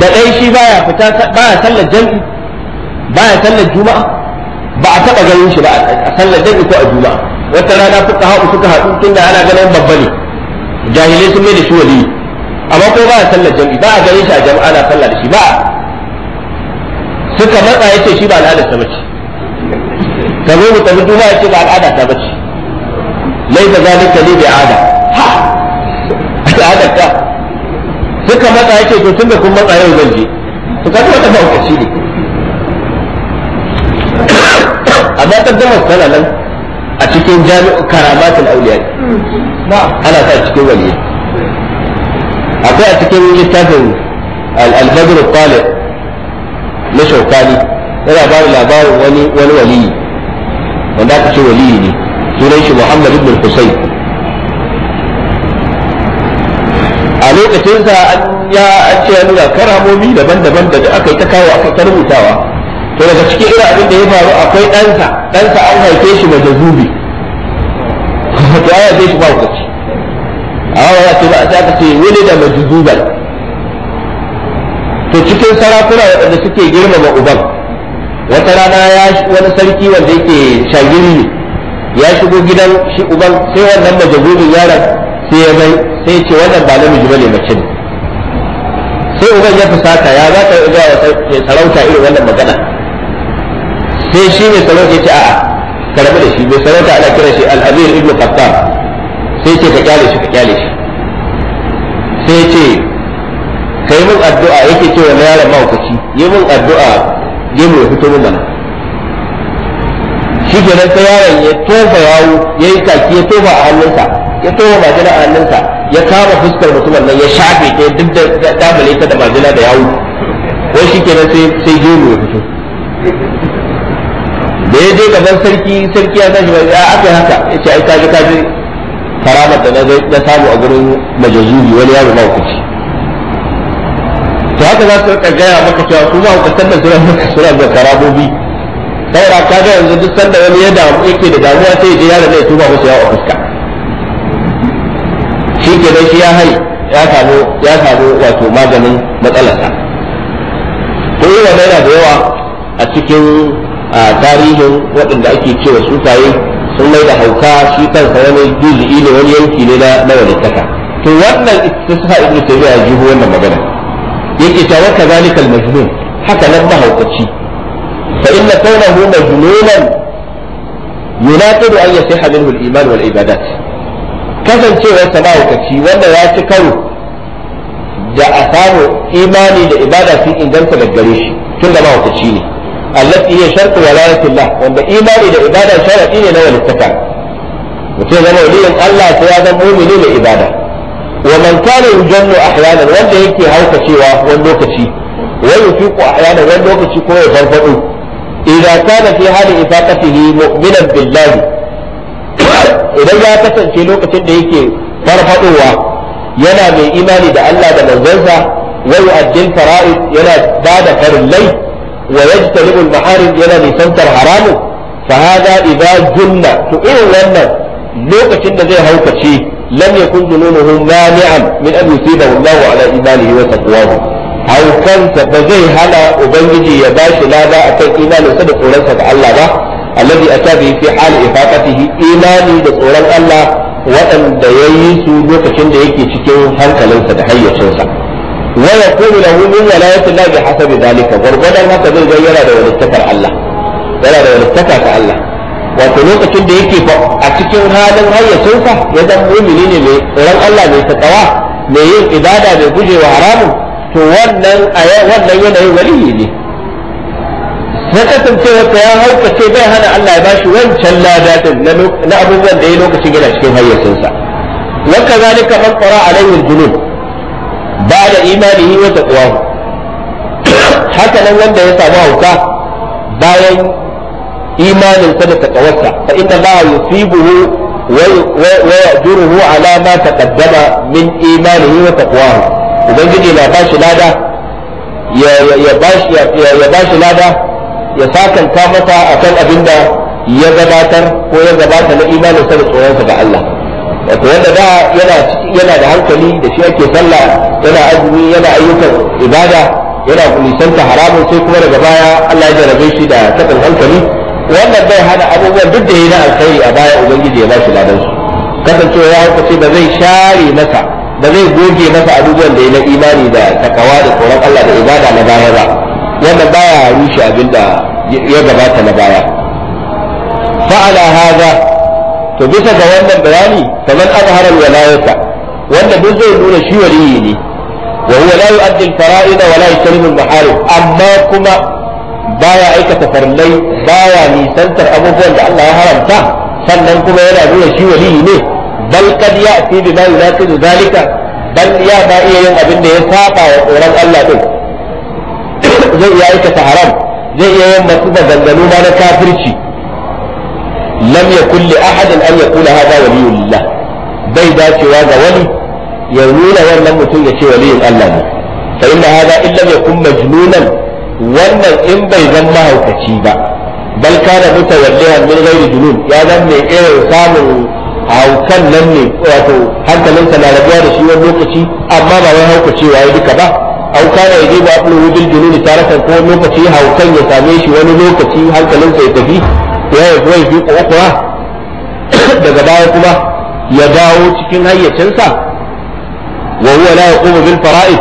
da ɗai shi baya fita baya sallar jam'i baya sallar juma'a ba a taɓa ganin shi ba a sallar jam'i ko a juma'a wata rana fuka haɗu suka haɗu tun da ana ganin babba ne jahilai sun mai da shi wali amma ko ba a sallar jami'i ba a gare shi a jama'a na sallar da shi ba suka matsa yace shi ba al'adar ta bace ka zo mu tafi ya ce ba al'ada ta bace lai da zalika li ada. ha al'adar ta suka matsa yace to da kun matsa yau zan je to ka wata ba ne amma ta gama sallar nan a cikin jami'u karamatul auliya ana sa cikin waliyi akwai a cikin littafin al-badr talib na shaukani yana ba da labarin wani wani waliyi wanda aka ce waliyi ne sunan shi muhammad ibn husayn a lokacin sa an ya an ce nuna karamomi daban-daban da aka yi ta kawo aka ta rubutawa to daga cikin irin abin da ya faru akwai ɗansa ɗansa an haife shi da zubi to ya zai shi ba A wa ya ce ba a ta ce wani da majzubal to cikin sarakuna waɗanda suke girmama uban wata rana ya wani sarki wanda yake shagiri ne ya shigo gidan shi uban sai wannan majazubin yaron sai ya zai sai ce wannan ba namiji bane mace ne sai uban ya fusata ya za ka ga sarauta irin wannan magana sai shi ne sarauta ya ce a'a ka da shi bai sarauta ana kira shi al-amir ibn qattan sai ce ka kyale shi ka kyale shi sai ce kai mun addu'a yake cewa na yaron mahaukaci yi mun addu'a ya ya fito mun mana shi kenan sai yaron ya tofa yawo ya yi kaki ya tofa a hannunsa ya tofa majina a hannunsa ya kama fuskar mutumin nan ya shafe ta duk da damale ta da majina da yawo ko shi kenan sai gemu ya fito da ya je gaban sarki sarki ya tashi ya aka haka ya ce ai ka ji karamar da na samu a gurin majazuri wani yaro na hukunci to haka za su rika gaya maka cewa kuma ma hukuntar da suna maka suna da karabobi saboda ka ga yanzu duk sanda wani ya damu yake da damuwa sai ya je yaro ne ya tuba musu yawa fuska shi ke dai shi ya hari ya samu ya samu wato maganin matsalarsa ko yi wa da yawa a cikin a tarihin waɗanda ake cewa sukaye sun mai da hauka shi kansa wani juzi'i ne wani yanki ne na walittaka to wannan ita sa ibnu taymiya ya jiho wannan magana yake ta wa kadhalika al-majnun haka nan mahaukaci fa inna kawnahu majnunan yunaqidu an yasiha minhu al-iman wal ibadat kasancewar sa mahaukaci wanda ya ci karo da a samu imani da ibada sun inganta daggare shi tun da mahaukaci ne allati hiya shartu walalatillah wanda imani da ibada sharadi ne na walittaka mutum zama waliyin Allah sai ya zama ibada wa man kana yujannu ahyanan wanda yake haukacewa wani lokaci wa yufiqu ahyanan wani lokaci ko ya farfado idza kana fi hali ifaqatihi mu'minan billahi idan ya kasance lokacin da yake farfaɗowa, yana mai imani da Allah da manzansa wa addin fara'id yana bada laif. wa yajtanibu al-maharim yana nisantar haramu fa hada idza junna to irin wannan lokacin da zai haukace lam yakun jununuhu mani'an min an yusiba wallahu ala imanihi wa taqwahu haukansa ba zai hana ubangiji ya bashi lada akan imaninsa da tsoronsa ga Allah ba alladhi atabi fi hal ifaqatihi imani da tsoron Allah waɗanda ya yi su lokacin da yake cikin hankalinsa da hayyacinsa ويقول له من ولاية الله بحسب ذلك غربدا ما تقول غيره لو استكر الله ولا لو استكر الله وتلوك كنت يكي فأتكي هذا الغي سوفا يدم مؤمنين لأولا الله من تقوى من إبادة من بجي وحرام تولن أيا ولا ينهي وليه لي فكتم تيه تياه وكتي بيها الله يباش وين شلا ذات نعبو من دينو كتي قلع شكي هيا سوفا وكذلك من قرأ عليه الجنوب ala imanihi wa taqwahu haka nan wanda ya samu hauka bayan imaninsa da taqawarsa fa inna allaha yusibuhu wa yajruhu ala ma taqaddama min imanihi wa taqwahu ubangiji na bashi lada ya ya bashi ya bashi lada ya sakanta masa akan abinda ya gabatar ko ya gabata na imanin sa da tsoronsa ga Allah wato yadda da yana yana da hankali da shi ake sallah yana azumi yana ayyukan ibada yana nisanta haramun sai kuma daga baya Allah ya jarabe shi da takan hankali wannan bai hana abubuwan duk da yi na alkhairi a baya ubangiji ya bashi ladan su kasancewa ya hukace ba zai share masa ba zai goge masa abubuwan da ya na imani da takawa da tsoron Allah da ibada na baya ba wannan baya rushe abin da ya gabata na baya fa'ala hadha to bisa ga wannan bayani kaman azhara walayata wanda duk zai nuna shi waliyi ne wa huwa la yu'addi al-fara'id wa la yusallimu al-maharib amma kuma baya aikata farlai baya nisantar abubuwan da Allah ya haramta sannan kuma yana nuna shi waliyi ne bal kad ya'ti bima yunaqidu zalika bal ya ba iya yin abin da ya saba wa tsoron Allah din zai iya aikata haram zai iya yin masu da ma na kafirci lam yakul li ahadin an yaqula hadha waliyullah bai dacewa ga wani ya nuna wannan mutum ya ce waliyin Allah ne fa inna hadha illa yakun majnunan wannan in bai zama mahaukaci ba bal kana mutawallihan min ghairi junun ya zan mai irin samun haukan nan ne wato hankalinsa na rabuwa da shi wani lokaci amma ba wai haukacewa ya duka ba au kana yaje ba ablu bil junun taratan ko lokaci haukan ya same shi wani lokaci hankalin ya tafi wai fi ukura daga baya kuma ya dawo cikin hayyacinsa wa huwa la yaqumu bil fara'id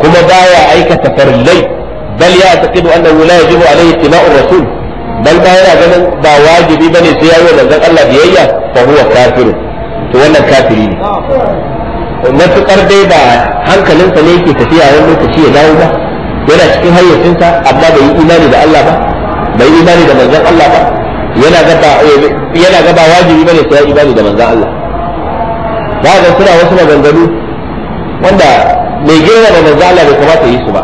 kuma baya aikata farillai bal ya taqidu annahu la yajibu alayhi ittima'ur rasul bal ba yana ganin ba wajibi bane sai yayi manzon Allah biyayya fa huwa kafir to wannan kafiri ne matukar dai ba hankalinsa ne yake tafiya wani lokaci ya dawo ba yana cikin hayyacinsa amma bai yi imani da Allah ba bai imani da manzon Allah ba yana ga ba eh, yana ga ba wajibi bane sai imani da manzon Allah ba ga suna wasu maganganu wanda mai girma da manzon Allah bai kamata yi su ba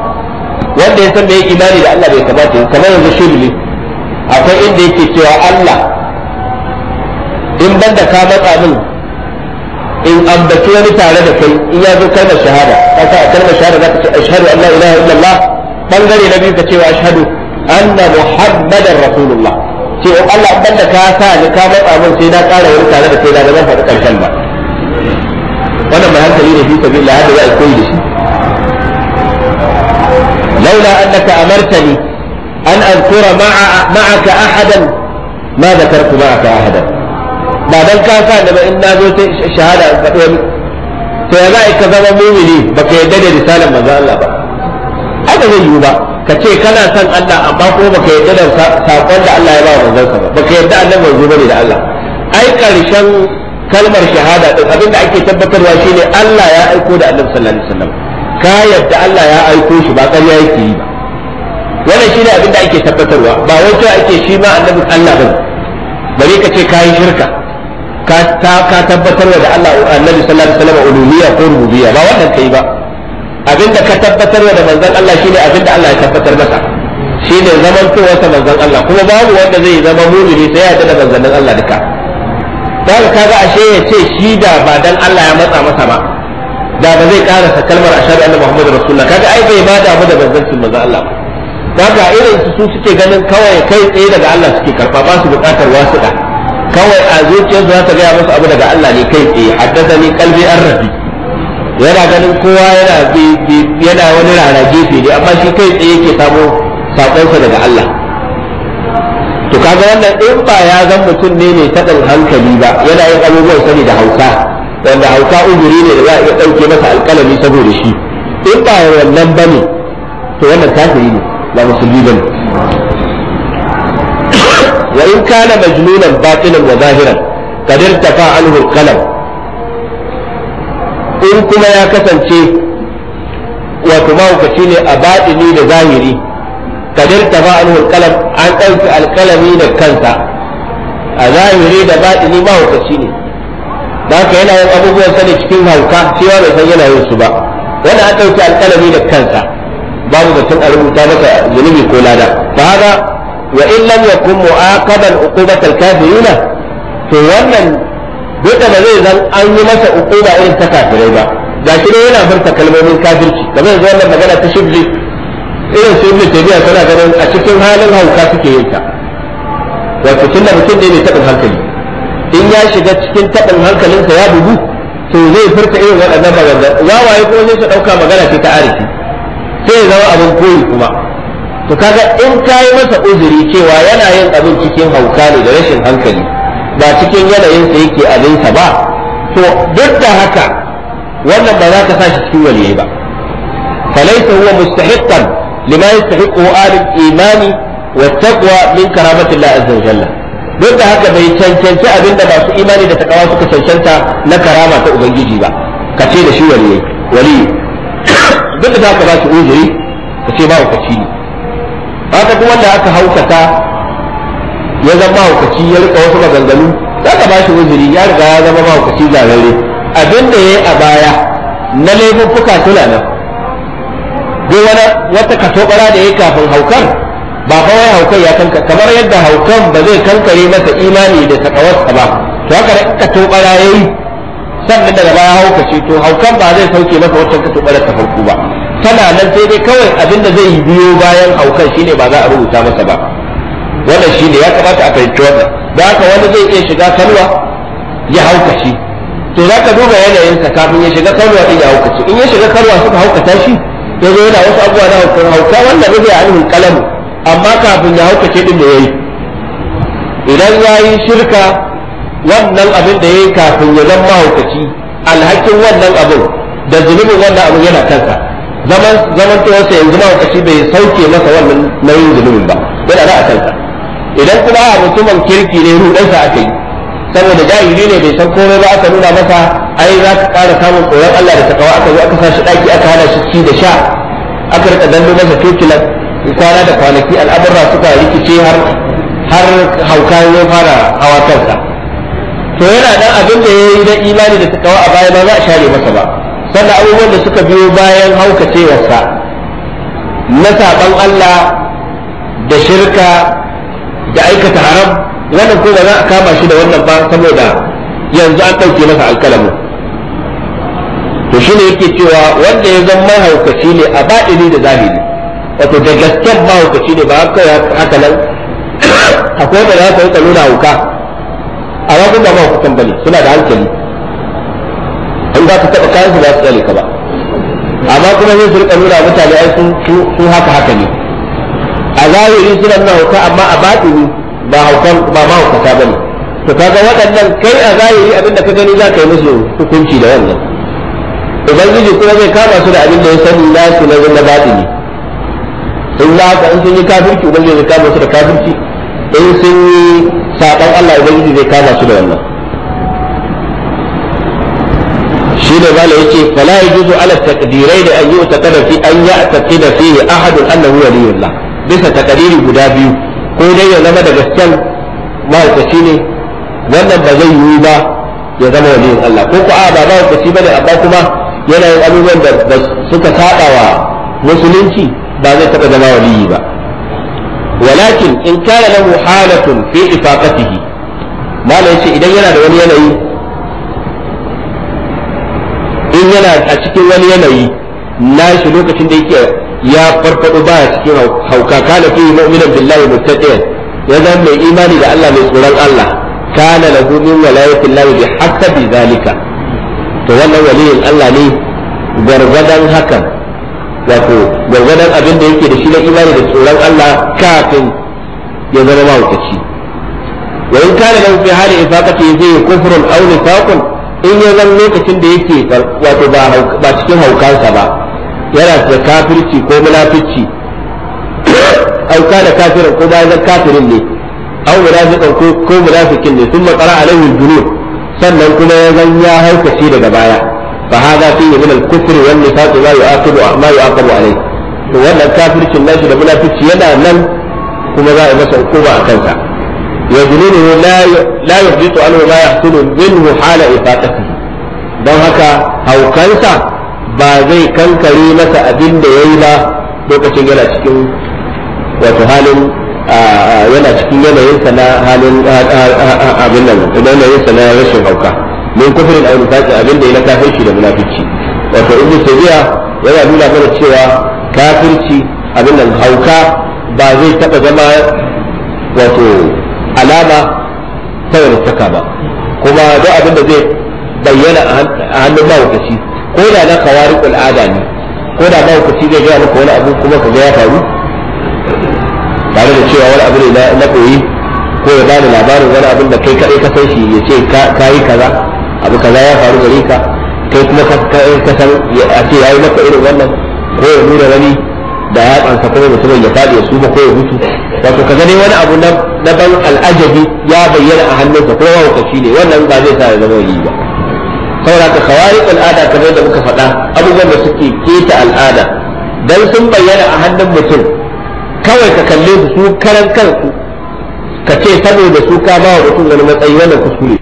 wanda ya san da yake imani da Allah bai kamata yi kamar yanzu shibli akwai inda yake cewa Allah in ban da ka matsa min in ambaci wani tare da kai in ya zo kalmar shahada ka kalmar shahada za ka ce ashhadu an la ilaha illallah bangare na biyu ka ce wa ashhadu أن محمد رسول الله شيء الله أبدا كاسا لكامل أمن سيدا قال ورسا لك سيدا لمن فتك الجنة وانا ما هل تليني في سبيل الله هذا هو الكويل لولا أنك أمرتني أن أذكر مع معك أحدا ما ذكرت معك أحدا ما بل كاسا لما إنا ذوت الشهادة سيلاقي كذا ومؤمنين بكي يدني رسالة ما ذا الله أبدا ذي يوبا ka ce kana son Allah amma ko baka yadda da sakon da Allah ya ba wa manzon ba baka yarda Allah manzo bane da Allah ai karshen kalmar shahada din da ake tabbatarwa shine Allah ya aiko da Annabi sallallahu alaihi wasallam ka yarda Allah ya aiko shi ba ƙarya yake yi ba wannan shine da ake tabbatarwa ba wai ake shi ma Annabi Allah bane bare ka ce kai shirka ka tabbatarwa da Allah Annabi sallallahu alaihi wasallam uluhiyya ko rububiyya ba wannan kai ba abinda ka tabbatar da manzon Allah shine abinda Allah ya tabbatar masa shine zaman towarsa manzon Allah kuma babu wanda zai zama mumini sai ya da manzon Allah duka dan kaga ashe ya ce shi da ba dan Allah ya matsa masa ba da ba zai karasa kalmar ashhadu anna muhammadar rasulullah kaga ai bai ma damu da manzancin manzon Allah daga irin su su suke ganin kawai kai tsaye daga Allah suke karfa ba su bukatar wasu da kawai a zuciyarsu za ta gaya masu abu daga Allah ne kai tsaye haddasa ni kalbi an rabi. yana ganin kowa yana yana wani rara gefe ne amma shi kai tsaye yake samu sakonsa daga Allah to kaga wannan in ba ya zan mutum ne mai taɗin hankali ba yana yin abubuwan sani da hauka wanda hauka uzuri ne da za a iya ɗauke masa alƙalami saboda shi in ba wannan ba ne to wannan kafiri ne ba musulmi ba ne wa in kana majnunan batinan wa zahiran kadir tafa anhu alqalam in kuma ya kasance wato mahaukaci ne a baɗini da zahiri kadir ta ba anhu alƙalam an ɗauki alƙalami da kansa a zahiri da baɗini mahaukaci ne da ka yana yin abubuwan sa ne cikin hauka cewa bai san yana yin su ba wanda an ɗauki alƙalami da kansa babu batun a rubuta masa zunubi ko lada Ba haka wa in lam yakun mu'aqaban uqubatal kafirina to wannan duk da zai zan an yi masa ukuba irin ta kafirai ba ga shi yana furta kalmomin kafirci da zai zo wannan magana ta shibli irin su ibnu tabiya suna ganin a cikin halin hauka suke yin ta wato da mutum ne mai taɓin hankali in ya shiga cikin taɓin hankalinsa ya bugu to zai furta irin waɗannan maganganu wawaye kuma zai su ɗauka magana ce ta arifi sai ya zama abin koyi kuma to kaga in kayi masa uzuri cewa yana yin abin cikin hauka ne da rashin hankali ba cikin yanayinsa yake abinsa ba to duk da haka wannan ba za ka sa shi cikin waliyai ba falaisa huwa mustahiqqan lima yastahiqqu alil imani wa wattaqwa min karamatillah azza wa jalla duk da haka bai cancanci abin da masu imani da takawa suka cancanta na karama ta ubangiji ba ka ce da shi waliyai wali duk da haka ba shi uzuri ka ce ba ka ci haka kuma da aka haukata ya zama mahaukaci ya rika wasu maganganu za ka ba shi uzuri ya riga ya zama mahaukaci zarare abin da ya yi a baya na laifuffuka tula nan ko wani wata katobara da ya yi kafin haukan ba kawai haukan ya kanka kamar yadda haukan ba zai kankare masa imani da takawarsa ba to haka da katobara ya yi sannan daga baya haukaci to haukan ba zai sauke masa wata katobara ta farko ba tana nan sai dai kawai abin da zai yi biyo bayan haukan shine ba za a rubuta masa ba wannan shi ne ya kamata a fahimci wannan da haka wani zai iya shiga salwa ya haukace to za ka duba yanayinsa kafin ya shiga salwa din ya haukace in ya shiga salwa suka haukata shi ya zo yana wasu abubuwa na haukar hauka wannan ne zai alhul kalamu amma kafin ya haukace din da yayi idan ya yi shirka wannan abin da ya yi kafin ya zama mahaukaci alhakin wannan abin da zunubin wannan abin yana kansa zaman zaman tuwarsa yanzu mahaukaci bai sauke masa wannan nauyin zunubin ba yana da a kansa idan kuma a mutumin kirki ne rudansa aka yi saboda jahili ne bai san komai ba aka nuna masa ai za ka kara samun tsoron Allah da takawa aka zo aka sa shi ɗaki aka hana shi ci da sha aka rika dando masa tukilan kwana da kwanaki al'abarra suka rikice har har hauka ya fara hawa kansa to yana dan abin da ya yi imani da takawa a baya ba za a share masa ba sannan abubuwan da suka biyo bayan haukacewarsa na saban Allah da shirka da aikata haram wannan ko ba za a kama shi da wannan ba saboda yanzu an ɗauke masa alkalamu to shi ne yake cewa wanda ya zama mahaukaci ne a baɗini da zahiri wato da gasken mahaukaci ne ba haka nan akwai da za ka rika nuna hauka a wajen da mahaukatan bane suna da hankali in za ka taɓa kayan su ba su tsale ka ba amma kuma zai su rika nuna mutane ai su haka haka ne a zahiri suna nuna hauka amma a batini ba haukan ba ma haukata bane to kaga waɗannan kai a zahiri abin da ka gani za ka yi musu hukunci da wannan ubangiji kuma zai kama su da abin da ya sani na su na zama batini in za ka in sun yi kafirci ubangiji zai kama su da kafirci in sun yi saɓan Allah ubangiji zai kama su da wannan shi ne bala yace fala yajuzu ala taqdirai da an yi taqada fi an ya'taqida fihi ahadun annahu waliyullah bisa takariri guda biyu ko dai ya zama da gasken mahaukaci ne wannan ba zai yiwu ba ya zama waliyin Allah ko ku a ba ba ne amma kuma yana yin abubuwan da suka saba wa musulunci ba zai taɓa zama waliyi ba walakin in kana lahu halatun fi ifaqatihi malai ce idan yana da wani yanayi in yana a cikin wani yanayi na shi lokacin da yake ya farfado baya cikin hauka kana fi mu'minan billahi muttaqiyan ya zan mai imani da Allah mai tsoron Allah kana lahu min walayati llahi bi hasabi zalika to wannan waliyin Allah ne gargadan hakan wato gargadan abin da yake da shi na imani da tsoron Allah kafin ya zama mahaukaci wa in kana lahu fi hali ifaqati zai kufrun aw nifaqun in ya zama lokacin da yake wato ba cikin haukansa ba yana da kafirci ko munafici au kana kafirin ko bayan kafirin ne au munafiqan ko ko munafikin ne sun qara alaihi al-junud sannan kuma ya zan ya haukace daga baya fa hada fi min al-kufr wal nifaq ma yu'aqibu ma yu'aqabu alayhi to wannan kafircin nashi da munafici yana nan kuma za a masa hukuma a kansa وجنونه لا لا يحبط عنه ما يحصل منه حال إفاقته don haka haukansa ba zai kankare masa abin da ya yi ba lokacin yana cikin wato halin yana cikin yanayinsa na halin abin nan yanayinsa na rashin hauka min kufirin aure fasik abin da ya na shi da munafici wato ibnu sabiya yana nuna mana cewa kafirci abin nan hauka ba zai taba zama wato alama ta wani ba kuma duk abin da zai bayyana a hannun mawakaci ko da na kawari al'ada ne ko da ba ku ci zai gaya maka wani abu kuma ka ga ya faru tare da cewa wani abu ne na koyi ko ya bani labarin wani abin da kai kaɗai ka san shi ya ce ka yi kaza abu kaza ya faru gare ka kai kuma ka san a ce ya yi maka irin wannan ko ya nuna wani da ya tsansa kuma mutumin ya faɗi ya suma ko ya mutu wato ka gani wani abu na ban al'ajabi ya bayyana a hannunsa kuma waukaci ne wannan ba zai sa ya zama wani ba saboda ka al'ada kamar da muka faɗa abubuwan da suke keta al'ada dan sun bayyana a hannun mutum kawai ka kalle su su karan kansu ka ce saboda su ka ba wa mutum wani matsayi wannan kuskure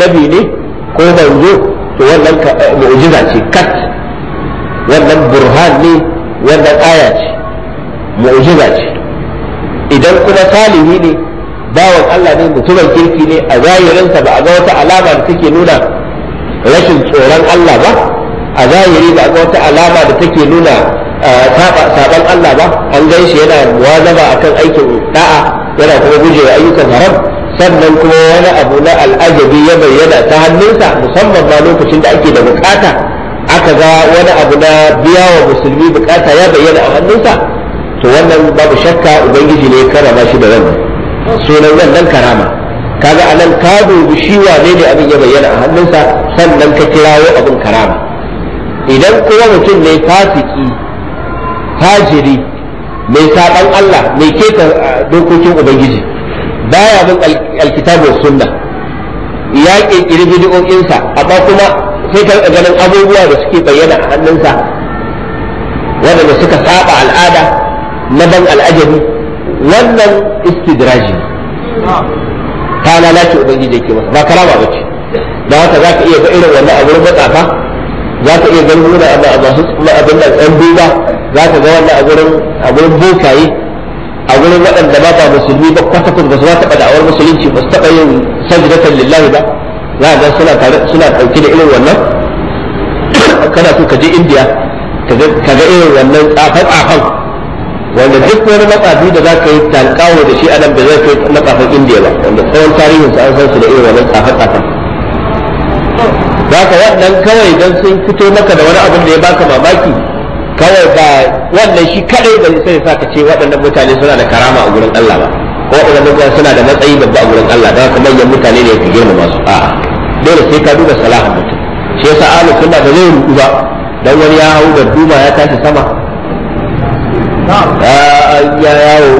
annabi ne ko manzo to wannan eh, mu'jiza ce kat wannan burhan ne wannan aya ce mu'jiza ce idan kuma salihi ne bawan Allah ne mutumin kirki ne a zahirinsa ba a ga wata alama da take nuna rashin tsoron Allah ba a zahiri ba a ga wata alama da take nuna eh, saban Allah ba an gan shi yana muwazaba akan aikin da'a yana kuma gujewa ayyukan haram sannan kuma wani abu na al'ajabi ya bayyana ta hannunsa musamman ma lokacin da ake da bukata aka ga wani abu na biya wa musulmi bukata ya bayyana a hannunsa to wannan babu shakka ubangiji ne ya karama shi da wannan sunan wannan karama kaga anan ka dubi shi wane ne abin ya bayyana a hannunsa sannan ka kirawo abin karama idan kuma mutum ne fasiki fajiri mai saɓan Allah mai keta dokokin ubangiji baya bin alkitabu was sunna ya kirkiri bid'o'insa amma kuma sai ka ganin abubuwa da suke bayyana a hannunsa waɗanda suka saba al'ada na ban al'ajabi wannan istidraji ta lalace ubangiji yake masa ba karama ba ce da haka za ka iya ga irin wannan abu matsafa za ka iya ganin wannan abu a masu abin da ɗan duba za ka ga wannan a gurin bokaye a wurin waɗanda ba ba musulmi ba kwata kwata ba su taɓa da'awar musulunci ba su taɓa yin sajdatan lillahi ba za a ga suna tare suna ɗauke da irin wannan kana so ka je indiya ka ga irin wannan tsafan tsafan wanda duk wani matsafi da za ka yi tankawo da shi a nan ba zai kai matsafan indiya ba wanda tsawon tarihin an san su da irin wannan tsafan tsafan za ka waɗannan kawai don sun fito maka da wani abin da ya baka mamaki kawai ba wannan shi kadai ba sai ya saka ce waɗannan mutane suna da karama a gurin Allah ba ko waɗannan mutane suna da matsayi babba a gurin Allah don haka manyan mutane ne ya ka girmama masu a'a dole sai ka duba salahan mutum shi yasa ahlus sunna ba zai rubu ba dan wani ya hau da duma ya tashi sama ya yawo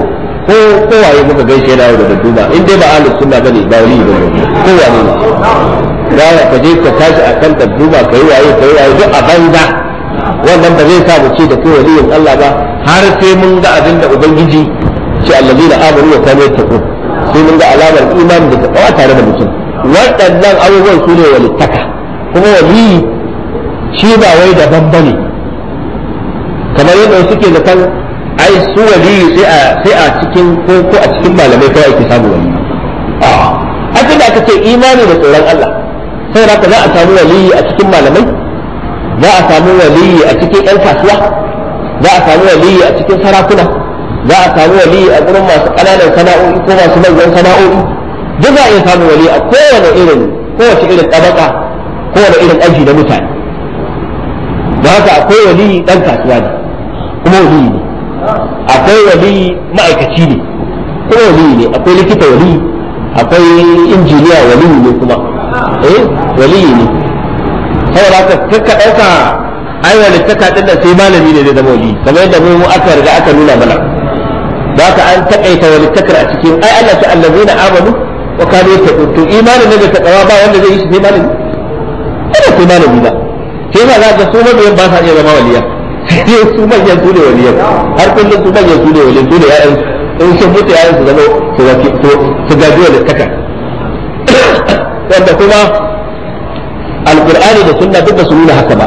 ko kowaye muka gaishe yana yawo da duma in dai ba ahlus sunna bane ba wani ba kowaye ba ya ka je ka tashi akan ka yi waye ka yi waye duk a banza wannan ba zai sa mu ce da kai waliyin Allah ba har sai mun ga abin da ubangiji ce allazina amanu wa kanu yattaqun sai mun ga alamar imani da tsawa tare da mutum waɗannan abubuwan su ne walittaka kuma waliyi shi ba wai daban bane kamar yadda suke da kan ai su waliyi sai a sai a cikin ko ko a cikin malamai kai ake samu waliyi a a da aka ce imani da tsoron Allah sai za a samu waliyi a cikin malamai za a samu waliyi a cikin 'yan kasuwa za a samu waliyi a cikin sarakuna za a samu waliyi a gurin masu ƙananan sana'o'i ko masu manyan sana'o'i duk za a iya samun waliyi a kowane irin kowace irin tabaka kowane irin aji da mutane da haka akwai waliyi ɗan kasuwa ne kuma waliyi ne akwai waliyi ma'aikaci ne kuma waliyi ne akwai likita waliyi akwai injiniya waliyi ne kuma eh waliyi ne saboda haka suka ɗauka da walittaka din da sai malami ne zai zama wali kamar yadda mu aka riga aka nuna mana da ka an takaita walittakar a cikin ai Allah ta allazina amanu wa kanu yattaqun to imanin ne da takawa ba wanda zai yi shi sai malami kada sai malami ba sai ba za ka su mabiyan ba sa iya zama waliya sai su manyan su ne waliyan har kullum su manyan su ne waliyan su ne ya'yan in sun mutu ya'yan su zama su gaji wani walittakar wanda kuma alqur'ani da sunna duk da su nuna haka ba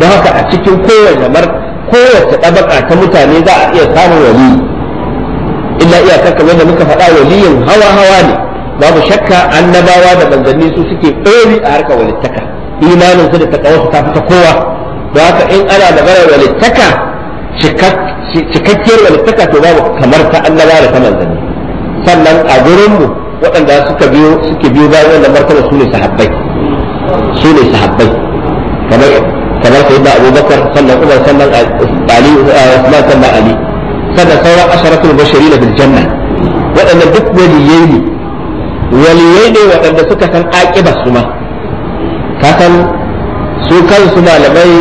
don haka a cikin kowace mar kowace tabaka ta mutane za a iya samun wali illa iya kamar da muka faɗa waliyin hawa hawa ne babu shakka annabawa da manzanni su suke ɗori a harkar walittaka imanin su da su ta fita kowa don haka in ana maganar walittaka cikakkiyar walittaka to babu kamar ta annabawa da ta manzanni sannan a gurinmu waɗanda suka biyo suke biyo bayan wannan martaba su ne sahabbai su ne sahabbai kamar kamar sai da Abu Bakar sannan Umar sannan Ali Usman sannan Ali sannan sauran asharatul bashirin bil janna waɗannan duk waliyai ne waliyai ne waɗanda suka san aƙiba su ma ka san su kansu malamai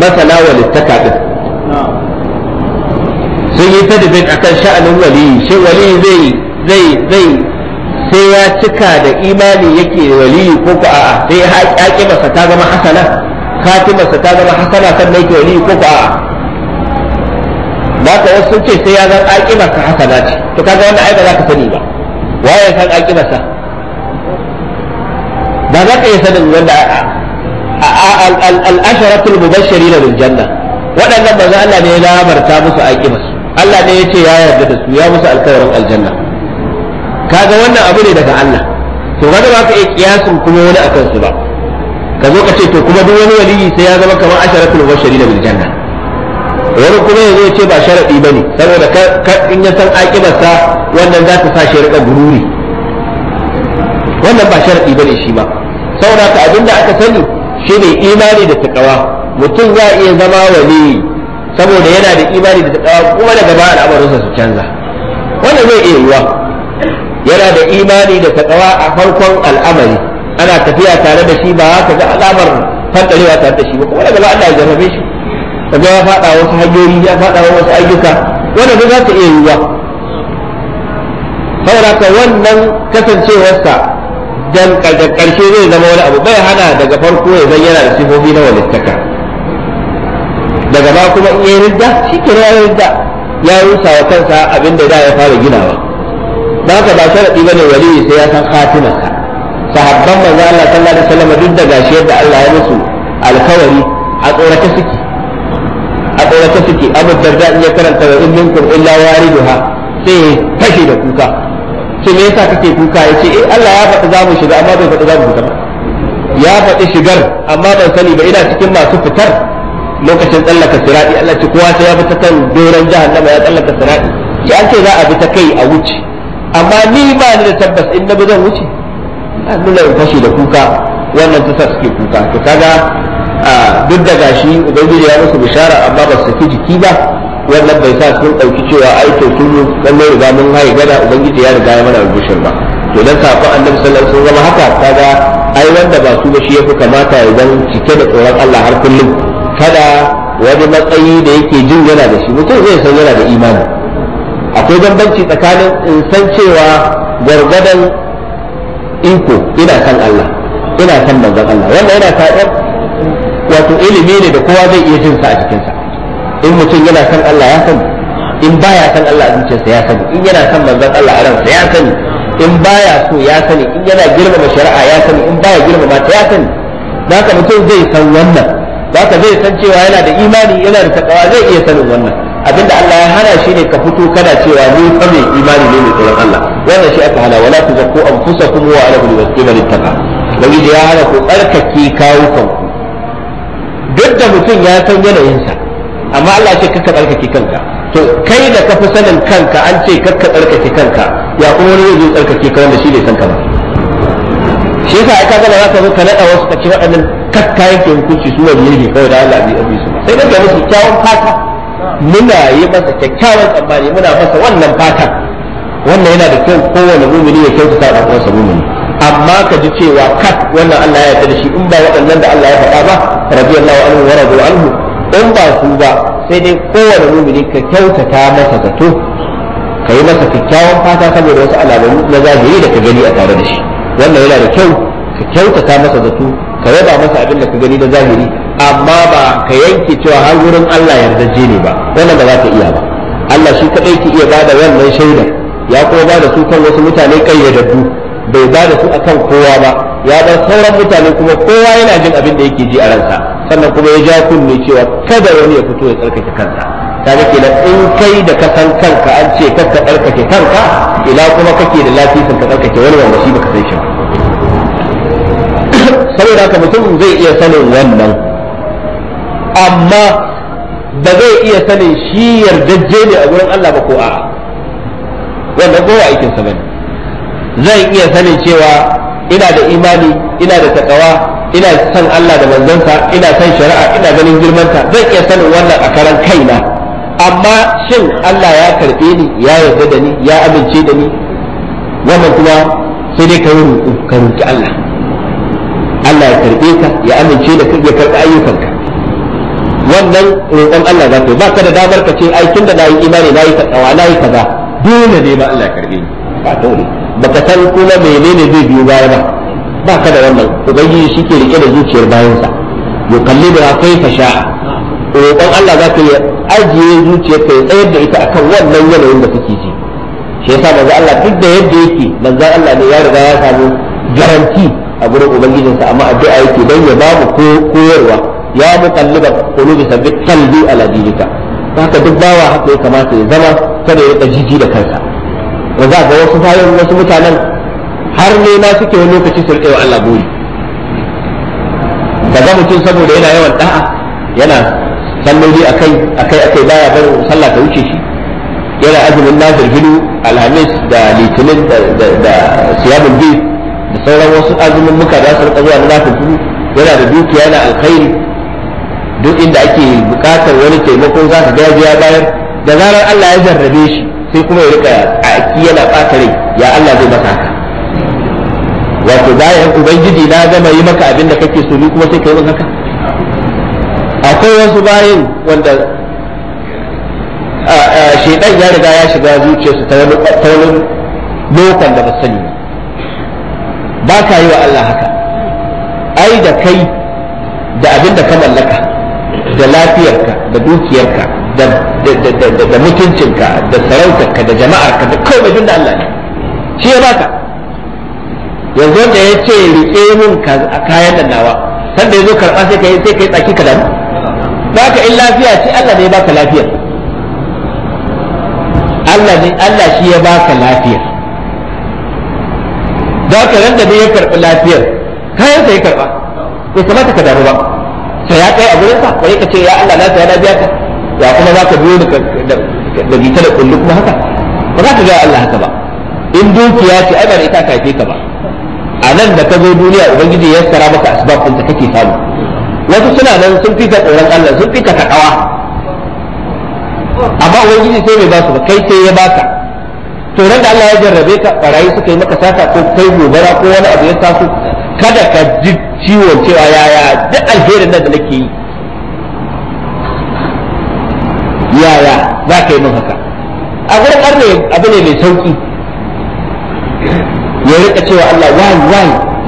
masana walittaka din sun yi ta dubin akan sha'anin waliyi shi waliyi zai zai zai sai ya cika da imani yake waliyi ko ko a'a sai ya masa ta zama hasana khatimarsa ta zama hasana sannan yake waliyi ko ko a'a baka wasu sun ce sai ya zan aƙibarsa hasana ce to kaga wannan ai ba za ka sani ba waye san aƙibarsa ba za ka iya sanin wanda al-asharatul mubashshirina bil janna waɗannan ba za Allah ne ya labarta musu aqimas Allah ne ya ce ya yarda da su ya musu alƙawarin aljanna kaga wannan abu ne daga Allah to kaga ba ka iya kiyasin kuma wani a kansu ba ka zo ka ce to kuma duk wani waliyi sai ya zama kamar asharatul bashari da biljanna wani kuma ya zo ce ba sharadi bane saboda in ya san akibarsa wannan za ta sa shi rika gururi wannan ba sharadi bane shi ba saboda ka abinda aka sani shine imani da takawa mutum za iya zama waliyi saboda yana da imani da takawa kuma daga ba al'amarinsa su canza wannan zai iya yiwa yana da imani da takawa a farkon al'amari ana tafiya tare da shi ba ka ga alamar fantarewa tare da shi ba kuma daga ba Allah ya jarrabe shi kaga ya fada wasu hanyoyi ya fada wasu ayyuka wanda ba za ta iya yiwuwa saboda ka wannan kasancewarsa dan karshe zai zama wani abu bai hana daga farko ya zan yana da sifofi na walittaka daga ba kuma in yi ridda shi kira ridda ya rusa wa kansa abinda da ya fara ginawa ba ka ba sharadi bane wali sai ya san khatimarka sahabban manzo Allah sallallahu alaihi wasallam duk da gashi yadda Allah ya musu alkawari a tsorata suke a tsorata suke Abu Darda ya karanta wa minkum illa wariduha sai fashe da kuka ce me yasa kake kuka yace eh Allah ya faɗi za mu shiga amma bai faɗi za mu fita ba ya faɗi shigar amma ban sani ba ina cikin masu fitar lokacin tsallaka sirati Allah ce kowa sai ya fita kan doron jahannama ya tsallaka sirati ya ce za a bi ta kai a wuce amma ni ba ni da tabbas in na bi zan wuce nuna in fashe da kuka wannan ta suke kuka to kaga duk da gashi ubangiji ya musu bishara amma ba su saki jiki ba wannan bai sa sun ɗauki cewa ai to sun lallai riga mun haye gada ubangiji ya riga ya mana albishir ba to dan safa annabi sallallahu alaihi wasallam haka kaga ai wanda ba su ba shi yafi kamata ya zan cike da tsoron Allah har kullum kada wani matsayi da yake jin yana da shi mutum zai san yana da imani akwai bambanci tsakanin in san cewa gwargwadon iko ina san Allah ina san manzon Allah wannan yana sa'ir wato ilimi ne da kowa zai iya jin sa a cikinsa in mutum yana san Allah ya sani in baya san Allah a zuciyarsa ya sani in yana san manzon Allah a ransa ya sani in baya so ya sani in yana girmama shari'a ya sani in baya girmama ta ya sani haka mutum zai san wannan haka zai san cewa yana da imani yana da takawa zai iya sanin wannan Abin da Allah ya hana shi ne ka fito kana cewa ni fa mai imani ne mai tsoron Allah wannan shi aka hana wala tuzakku anfusakum wa ala kulli wasqima littaqa da ya hana ku tsarkake kawo kanku duk da mutum ya san yanayinsa amma Allah ce kaka tsarkake kanka to kai da ka fi sanin kanka an ce kakka tsarkake kanka ya kuma wani zai tsarkake ka wanda shi ne san ka ba shi yasa aka gana za ka zo ka naɗa wasu ka ce waɗannan kakka yake hukunci su wani ne kawai da Allah bai abi su sai da musu kyawun fata muna yi masa kyakkyawan tsammani muna masa wannan fata wannan yana da kyau kowane mumini ya kyautata da kowace mumini amma ka ji cewa kat wannan Allah ya yarda da shi in ba waɗannan da Allah ya faɗa ba radiyallahu anhu wa radu anhu in ba su ba sai dai kowane mumini ka kyautata masa zato ka yi masa kyakkyawan fata saboda wasu alamu na zahiri da ka gani a tare da shi wannan yana da kyau ka kyautata masa zato ka yaba masa abin da ka gani na zahiri amma ba ka yanke cewa har wurin Allah yardaje ne ba wannan da za ka iya ba Allah shi kadai ki iya bada wannan shaidar ya kuma bada su kan wasu mutane kayyadaddu bai bada su akan kowa ba ya bar sauran mutane kuma kowa yana jin abin da yake ji a ransa sannan kuma ya ja kunne cewa kada wani ya fito ya tsarkake kansa kaga kenan in kai da ka san kanka an ce ka tsarkake kanka ila kuma kake da lafisin ka tsarkake wani wanda shi baka san shi ba saboda haka mutum zai iya sanin wannan amma ba zai iya sanin shi yardajje ne a gurin Allah ba ko a'a wannan ko aikinsa bane zai iya sanin cewa ina da imani ina da takawa ina san Allah da manzansa ina san shari'a ina ganin girmanta zan iya sanin wannan a karan kaina amma shin Allah ya karbe ni ya yarda da ni ya amince da ni wannan kuma sai dai ka ka Allah Allah ya karbe ka ya amince da kai ya karɓi ayyukanka wannan roƙon Allah za ka yi ba ka da damar ka ce ai tun da na yi imani na yi takawa na yi kaza dole ne ba Allah ya karbe ni ba dole baka san kuma menene zai biyo baya ba ba ka da wannan ubangiji shi ke rike da zuciyar bayansa ya kalli da kai fa sha'a roƙon Allah za ka yi ajiye zuciyar ka ya tsayar da ita akan wannan yanayin da kake ji shi yasa manzo Allah duk da yadda yake manzo Allah ne ya riga ya samu garanti a gurin ubangijinsa amma addu'a yake dan ya babu koyarwa ya muqallib qulubi sabbit qalbi ala dinika haka duk bawa haka ya kamata ya zama kada ya rika jiji da kansa ba za ga wasu mutanen har ne suke wani lokaci su rike wa Allah buri mutum saboda yana yawan da'a yana salloli akai akai akai baya bar sallah ta wuce yana azumin nazir hidu alhamis da litinin da siyamun biyu da sauran wasu azumin muka za su rika zuwa na nafin yana da dukiya na alkhairi duk inda ake bukatar wani taimako za ka ga ya bayar da zarar Allah ya jarrabe shi sai kuma ya rika a aki yana rai ya Allah zai masa haka wato bayan ubangiji na gama yi maka abin da kake so ni kuma sai ka yi haka akwai wasu bayin wanda shaidan ya riga ya shiga zuciyarsu ta wani lokan da ba sani ba ka yi wa Allah haka ai da kai da abin da ka mallaka da lafiyarka da dukiyarka da mutuncinka da sarautarka da jama'arka da kawai mai da Allah ne shi ya baka yanzu da ya ce riƙe min a kayan nan nawa sanda ya zo karɓa sai ka yi sai ka yi tsaki kadan baka in lafiya ce Allah ne ya baka lafiya Allah ne Allah shi ya baka lafiya da ka randa da ya karɓi lafiyar kayan sa ya karɓa bai kamata ka damu ba sai ya tsaye a gurin sa bare ka ce ya Allah na saya na biya ka ya kuma za ka biyo da bita da kullu kuma haka ba za ka ga Allah haka ba in dukiya ce ai ba da ita ka haife ka ba a nan da ka zo duniya ubangiji ya tsara maka asbab ɗin da kake samu wasu suna nan sun fita tsoron Allah sun ta takawa amma ubangiji sai bai ba su ba kai sai ya baka to ran da Allah ya jarrabe ka barayi suka yi maka sata ko kai gobara ko wani abu ya taso kada ka ji ciwon cewa yaya duk alherin nan da nake yi yaya za ka yi min haka a gurin arne abu ne mai sauki ya rika cewa Allah why why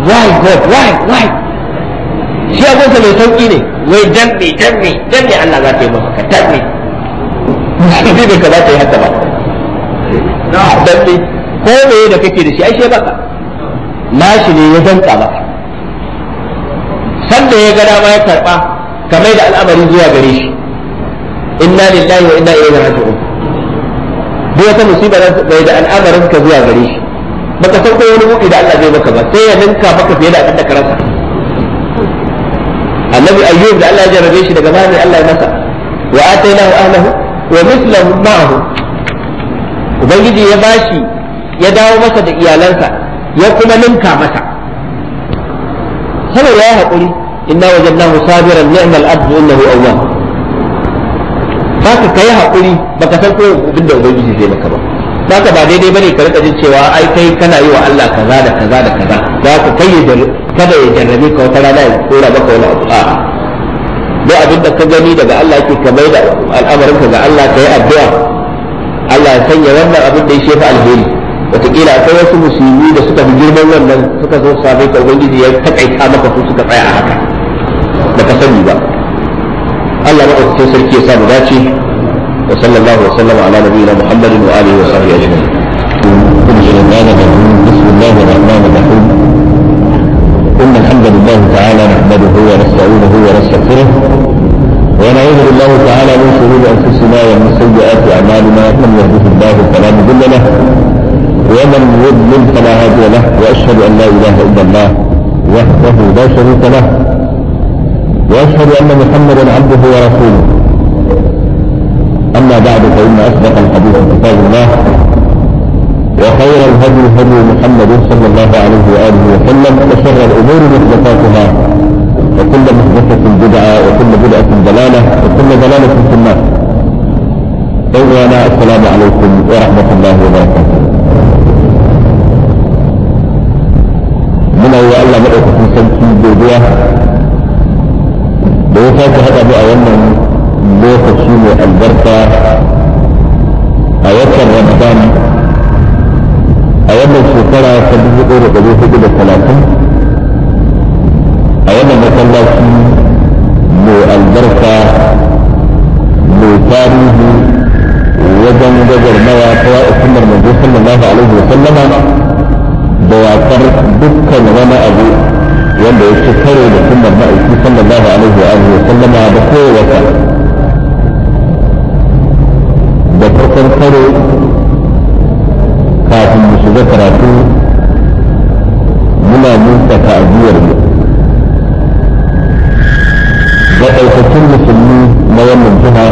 why God why why shi abinsa mai sauki ne wai danne danne danne Allah za ka yi min haka danne musulmi ne ka za ta yi haka ba danne ko me da kake da shi ai shi baka nashi ne ya danka ba sanda ya gada ma ya karba kamar da al'amari zuwa gare shi inna lillahi wa inna ilaihi raji'un duk wata musiba bai da al'amarin ka zuwa gare shi baka san ko wani buɗi da Allah zai maka ba sai ya ninka maka fiye da abin da ka rasa annabi ayyub da Allah ya jarabe shi daga bani Allah ya masa wa atainahu ahlahu wa mithlahu ma'ahu ubangiji ya bashi ya dawo masa da iyalansa ya kuma ninka masa. saboda ya haƙuri inna wajadnahu sabiran ni'mal abdu innahu awwab baka kai haƙuri baka san ko abinda ubangiji zai maka ba baka ba daidai bane ka rika jin cewa ai kai kana yi wa Allah kaza da kaza da kaza za ka kai kada ya jarrabe ka wata rana ya tsora maka wani abu a'a duk abin da ka gani daga Allah yake ka mai da al'amarin ka ga Allah ka yi addu'a Allah ya sanya wannan abin da ya shefa alheri wataƙila akwai wasu musulmi da suka fi girman wannan suka zo sabe ka ubangiji ya taƙaita maka su suka tsaya a haka da ka sani ba Allah maɗaukakin sarki ya samu dace wa sallallahu wa sallama ala nabiyina Muhammadin wa alihi wa sahbihi ajma'in da الله الرحمن الرحيم إن الحمد لله تعالى نحمده ونستعينه ونستغفره ونعوذ بالله تعالى من شرور أنفسنا ومن سيئات أعمالنا من يهده الله فلا مضل له ومن يضلل فلا هادي له واشهد ان لا اله الا الله وحده لا شريك له واشهد ان محمدا عبده ورسوله اما بعد فان اصدق الحديث كتاب الله وخير الهدي هدي محمد صلى الله عليه واله وسلم وشر الامور محدثاتها وكل محدثه بدعه وكل بدعه ضلاله وكل ضلاله في النار. طيب السلام عليكم ورحمه الله وبركاته. wa Allah madaukakin sarki godiya da ya sake haɗa mu a wannan lokaci mai albarka a watan Ramadan a wannan shekara ta dubu ɗaya da ɗari hudu da talatin a wannan masallaci mai albarka mai tarihi wajen gagarmawa ta wa'a sunnar manzo sallallahu alaihi wa sallama da yakar dukkan wani abu wanda ya ci karo da sunnar ma'aiki sallallahu alaihi wa alihi wa sallama da kowace da farkon karo kafin mu shiga karatu muna nuna ta'aziyar mu ga ɗaukacin musulmi na wannan jiha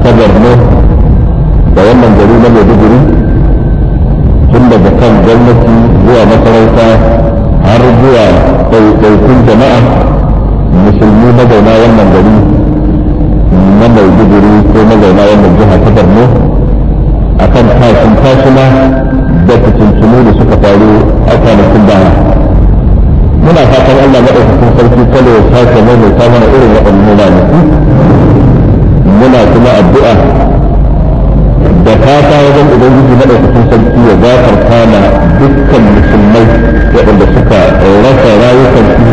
ta Borno da wannan gari na Maiduguri daga kan gwamnati zuwa makaranta har zuwa ɗaiɗaikun jama'a musulmi mazauna wannan gari na maiduguri ko mazauna wannan jiha ta borno a kan tashin tashina da cincinu da suka faru a kwanakin baya muna fatan allah maɗaukakin sarki kada ya sake mai mana irin waɗannan ranaku muna kuma addu'a da fata wajen ubangiji na ɗaukakin sarki ya gafarta na dukkan musulmai waɗanda suka rasa rayukansu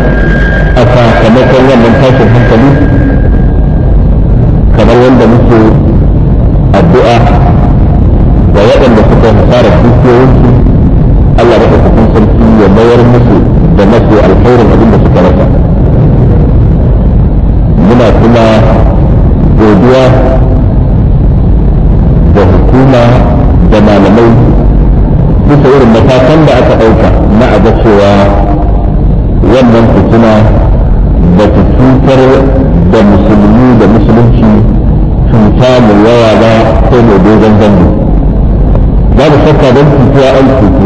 a sakamakon wannan tashin hankali kamar wanda muke addu'a da waɗanda suka fara dukiyoyinsu Allah da ɗaukakin sarki ya mayar musu da mafi alkhairin abin da suka rasa muna kuma godiya matakan da aka ɗauka na a ga cewa wannan fitina ba ta cutar da musulmi da musulunci cuta mai yawa ba ko mai dogon zango da shakka don cutuwa an cutu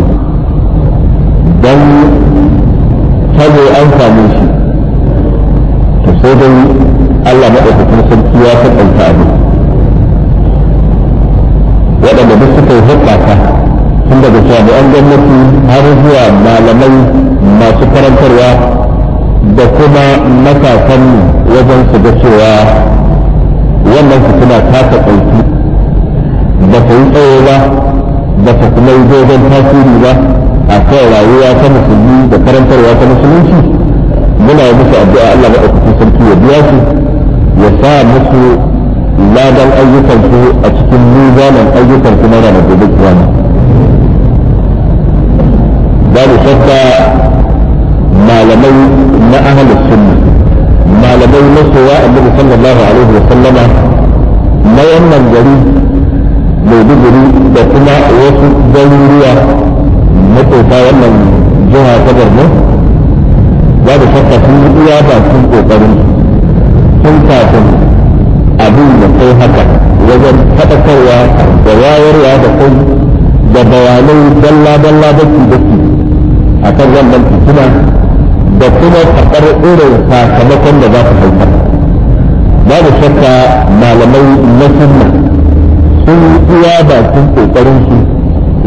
don tabo an same shi to sai dai Allah maɗaukakin sarki ya kasanta abin waɗanda duk suka yi hukata tun daga jami'an gwamnati har zuwa malamai masu karantarwa da kuma matasan wajen su ga cewa wannan su suna kasa ɗauki ba ta yi tsaye ba ba ta kuma yi dogon tasiri ba a kan rayuwa ta musulmi da karantarwa ta musulunci muna yi musu addu'a Allah maɗaukakin sarki ya biya su ya sa musu ladan ayyukansu a cikin mizanin ayyukansu na ranar gobe kiyama babu shakka malamai na ahlus sunna malamai na sowa annabi sallallahu alaihi wa sallama na wannan gari maiduguri da kuma wasu garuruwa matsota wannan jiha ta borno babu shakka sun yi iya bakin kokarin sun kafin abin da kai haka wajen faɗakarwa da wayarwa da kai da bayanai dalla-dalla baki-baki akan wannan fitina da kuma karɓar irin sakamakon da za su haifar babu shakka malamai na sunna sun iya sun kokarin su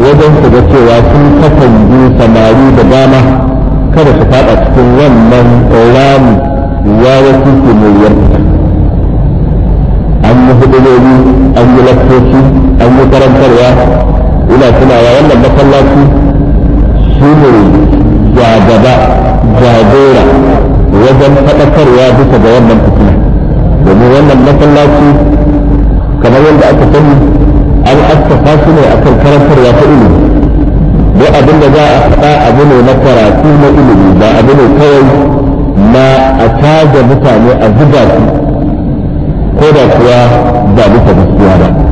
wajen su ga cewa sun kasance samari da dama kada su faɗa cikin wannan rami ya wasu ke mai an yi hudunoni an yi laktoci an yi karantarwa ina tunawa wannan masallaci shi ne jagaba jagora wajen faɗakarwa bisa ga wannan fitina domin wannan masallaci kamar yadda aka sani an aska su ne a akan karantarwa ta ilimi da abin da za a faɗa abu ne na karatu na ilimi ba abu ne kawai na a caja mutane a zuba su ko da kuwa ba bisa gaskiya ba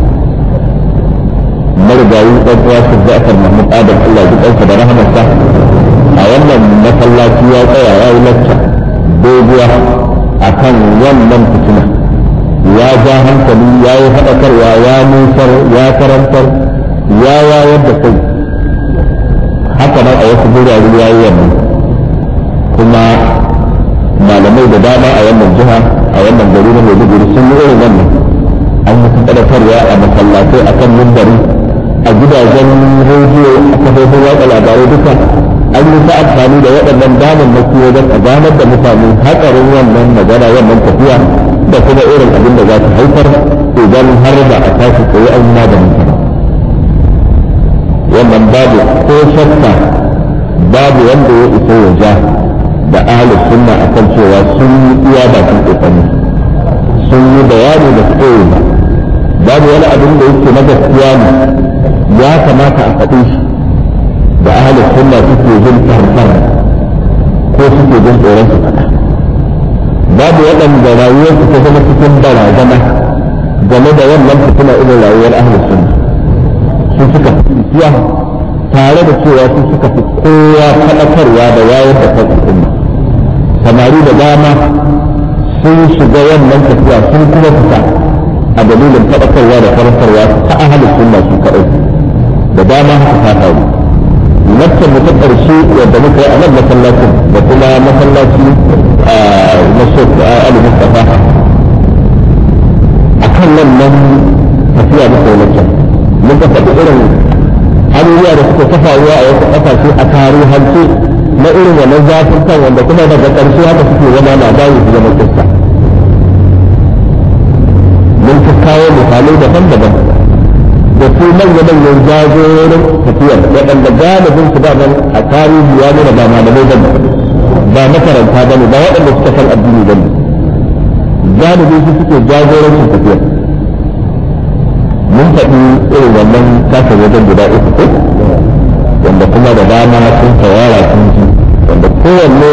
marigayi ɗan su shi da kan mahmud adam Allah duk ɗansa da rahamarsa a wannan masallaci ya tsaya ya yi lacca doguwa a kan wannan fitina ya ja hankali ya yi haɗakarwa ya nusar ya karantar ya wayar da kai haka nan a wasu gurare ya yi wannan kuma malamai da dama a wannan jiha a wannan gari na mai maiduguri sun yi irin wannan an yi karya a masallatai akan mimbari a gidajen rediyo a kafofin watsa labarai duka an yi ta amfani da waɗannan damar damammaki wajen a damar da mutane hatsarin wannan magana wannan tafiya da kuma irin abin da za ta haifar idan har da a tashi tsaye an yi da wannan babu ko shakka babu wanda ya isa ya da ahalus sunna akan cewa sun yi iya bakin kokari sun yi bayani da suke babu wani abin da yake na gaskiya ne ya kamata a faɗi shi da ahalin sunna suke jin tarbar ko suke jin tsoron su faɗa babu waɗanda rayuwarsu ta zama cikin barazana game da wannan fitina irin rayuwar ahalin sunna su suka fi tsiya tare da cewa sun suka fi kowa faɗakarwa da wayar da kan al'umma samari da dama sun shiga wannan tafiya sun kuma fita a dalilin faɗakarwa da karantarwa ta ahalin sunna su kaɗai da dama haka ta faru lakcin mu ta ƙarshe wadda muka yi a nan masallacin da kuma masallaci a masjid ali mustafa a kan nan nan tafiya muka yi mun muka faɗi irin abubuwa da suka ta faruwa a wasu ƙasashe a tarihance na irin wannan zafin kan wanda kuma daga ƙarshe haka suke zama labari su zama kista kawo misalai daban-daban da su manya-manyan jagororin tafiyar waɗanda galibin su daban a tarihi ya nuna ba malamai ba ba makaranta ba ne ba waɗanda suka san addini ba ne galibin su suke jagorancin tafiyar mun faɗi irin wannan kasar wajen guda uku ko wanda kuma da dama sun tawara sun ji wanda kowanne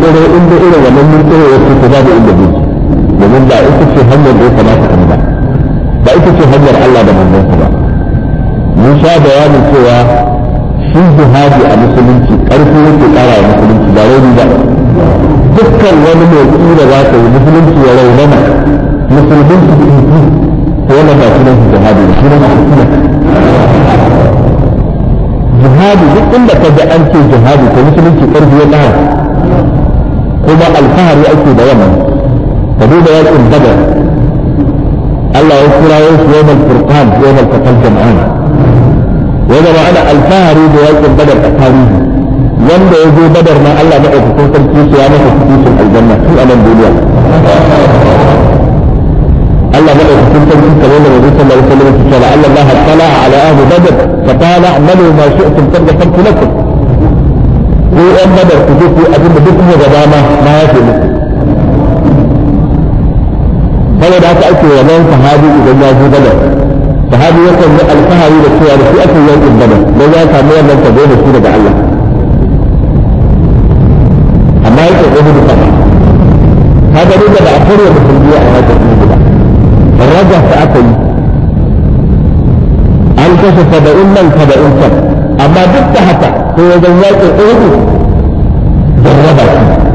yunƙuro inda irin wannan yunƙuro ya ba da inda bi domin ba ita ce hanyar da ya kamata a ita ce hanyar Allah da manzansa ba mun sha bayanin cewa shi jihadi a musulunci ƙarfi yake ƙara wa musulunci ba rauni ba dukkan wani motsi da za ka yi musulunci ya raunana musulmin su ɗinki ta yana ba sunan su jihadi da sunan hukuma jihadi duk inda ka ga an ce jihadi ko musulunci ƙarfi ya ƙara kuma alfahari ake da yamma ka duba yakin badar الله يكرا يوم الفرقان يوم التقى الجمعان وذا معنى الفهري بوقت بدر أفاريه wanda ya بدر ما ma Allah maɗaukakin sarki su ya masa الجنة aljanna tun a nan duniya الله بقى في كل كلام النبي صلى الله عليه وسلم قال الله اطلع على اهل بدر فقال اعملوا ما شئتم قد غفرت لكم وان بدر تجيكم أبو بدر غدامه ما يفهمكم saboda haka ake yaban sahabi idan ya je badar sahabi yakan yi alfahari da cewa da shi ake yankin badar don ya samu wannan tabo da shi daga Allah amma yake gudu da fada kaga duk da ba a karya musulmi a wajen gudu ba raja ta aka yi an kashe saba'in nan saba'in can amma duk da haka ko wajen yakin gudu jarraba shi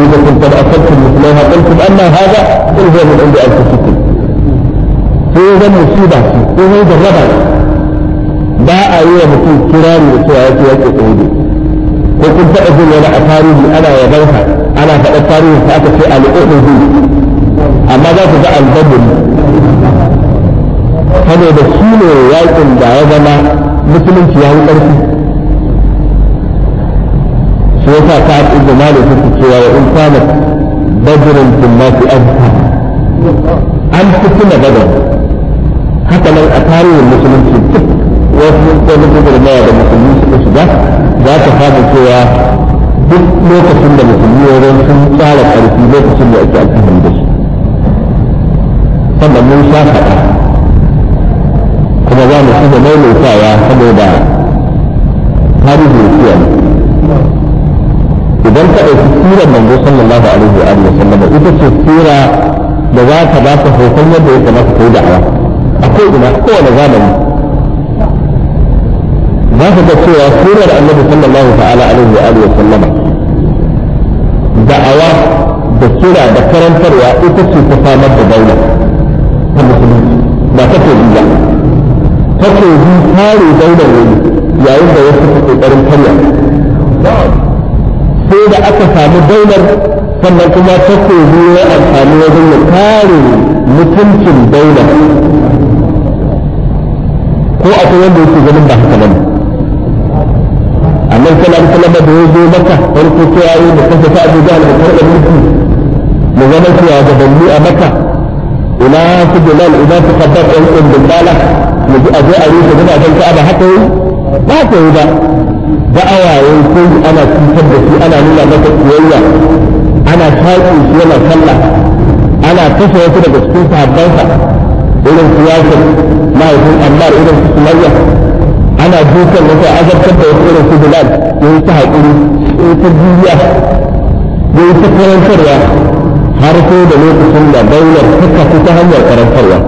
مصيبة قد أصبتم مثلها قلتم أن هذا قل هو من عند أنفسكم هو مصيبة هو جربة ba a yi wa mutum kirari da cewa ya ce ya ke tsohidi ko kun taɓa jin wani a tarihi ana yaban sa ana faɗa tarihin sa aka ce al'ubudu amma za ku ga ne yakin da ya musulunci ya yi shi yasa ka ibn malik yake cewa wa in kana badrun fil nasi azka an fitina badar haka nan a tarihin musulunci duk wasu wani gudunmawa da musulmi suka shiga za ta fada cewa duk lokacin da musulmi wajen sun tsara ƙarfi lokacin da ake alfahari da su sannan mun sha faɗa kuma za mu shiga maimaitawa saboda tarihin kiyar idan ka ɗauki surar manzo sallallahu alaihi wa alihi sallama ita ce sura da za ta ba ka hoton yadda ya kamata ta yi da'awa akwai ina kowane zamani za ka ga cewa surar annabi sallallahu ta'ala alaihi wa alihi sallama da'awa da kira da karantarwa ita ce ta samar da daula ta musulunci ba ta ce ba ta ce kare daular wani yayin da wasu ke ƙoƙarin karya sai da aka samu daular sannan kuma ta kogo ya amfani wajen ya kare mutuncin daular ko akwai wanda yake ganin ba haka bane annabi sallallahu alaihi wasallam da ya zo maka farko ya yi da ta da alƙur'ani mulki mu zama cewa da banni a maka ina su bilal ina su kaddar ɗan ɗan dindala mu ji a je a rufe gidajen ba haka yi ba haka yi ba da'awayen sai ana cutar da su ana nuna masa koyayya ana shaƙi su yana sallah ana kashe wasu daga cikin sahabbansa irin su yasir mahaifin ammar irin su sumayya ana dukan wasu azabtar da wasu irin su bilal yi ta haƙuri yi ta ya yi ta karantarwa har sai da lokacin da daular ta fi ta hanyar karantarwa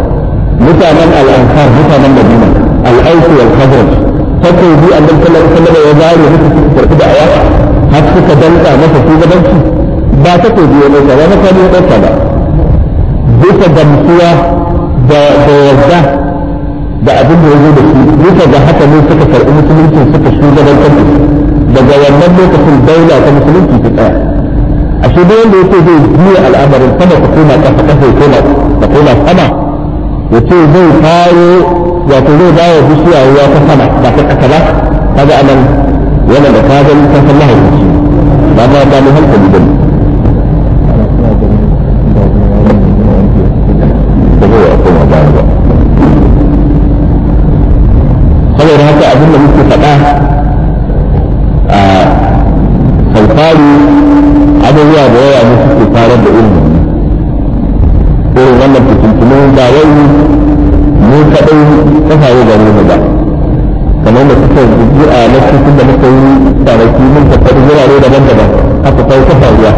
mutanen al'ansar mutanen madina al'aiki wal khazraj takobi annabi sallallahu alaihi wasallam ya zare musu su karbi da ayawa har suka danka masa shugabanci ba takobi ne dauka ba makami ya dauka ba bisa gamsuwa da da yarda da abin da ya zo da shi duka ga haka ne suka karbi musulunci suka shugabantar da daga wannan lokacin daula ta musulunci ta tsaya ashe duk wanda yake zai juya al'amarin sama ta koma ƙasa-ƙasa ya koma ta koma sama yace zai kawo wato zai ba wa bishiya ruwa ta sama ba ta ƙasa ba kaga anan wannan da ka ga ta san mahaifi ba ma ta mu hankali da saboda haka abin da muke faɗa a sautari abubuwa da yawa ne suke farar da ilimi irin wannan fitintunan ba wai mu kaɗai kafaye gare mu ba kamar da suka yi a lokacin da muka yi kwanaki mun tattara wurare daban-daban haka kai kafa ruwa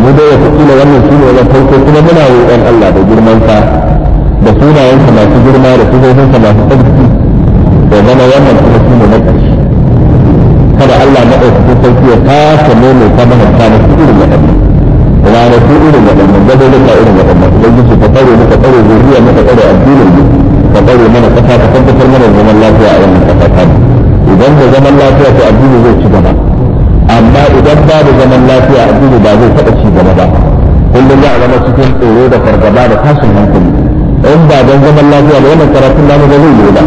mu da ya kila wannan shi ne wajen farko kuma muna roƙon Allah da girmansa da sunayensa masu girma da sunayensa masu tsarki da zama wannan kuma shi ne na ƙarshe kada Allah na maɗaukakin sarki ya kasa nome ta mahanta na su irin waɗannan ranaku irin waɗannan gadonuka irin waɗannan ubangiji ka tsare muka tsare zuriya muka tsare addinin mu ka tsare mana ƙasa ka tabbatar mana zaman lafiya a wannan kasa ta idan da zaman lafiya to addini zai ci gaba amma idan ba da zaman lafiya addini ba zai taɓa ci gaba ba kullum za a zama cikin tsoro da fargaba da tashin hankali in ba don zaman lafiya da wannan karatun namu ba zai yi ba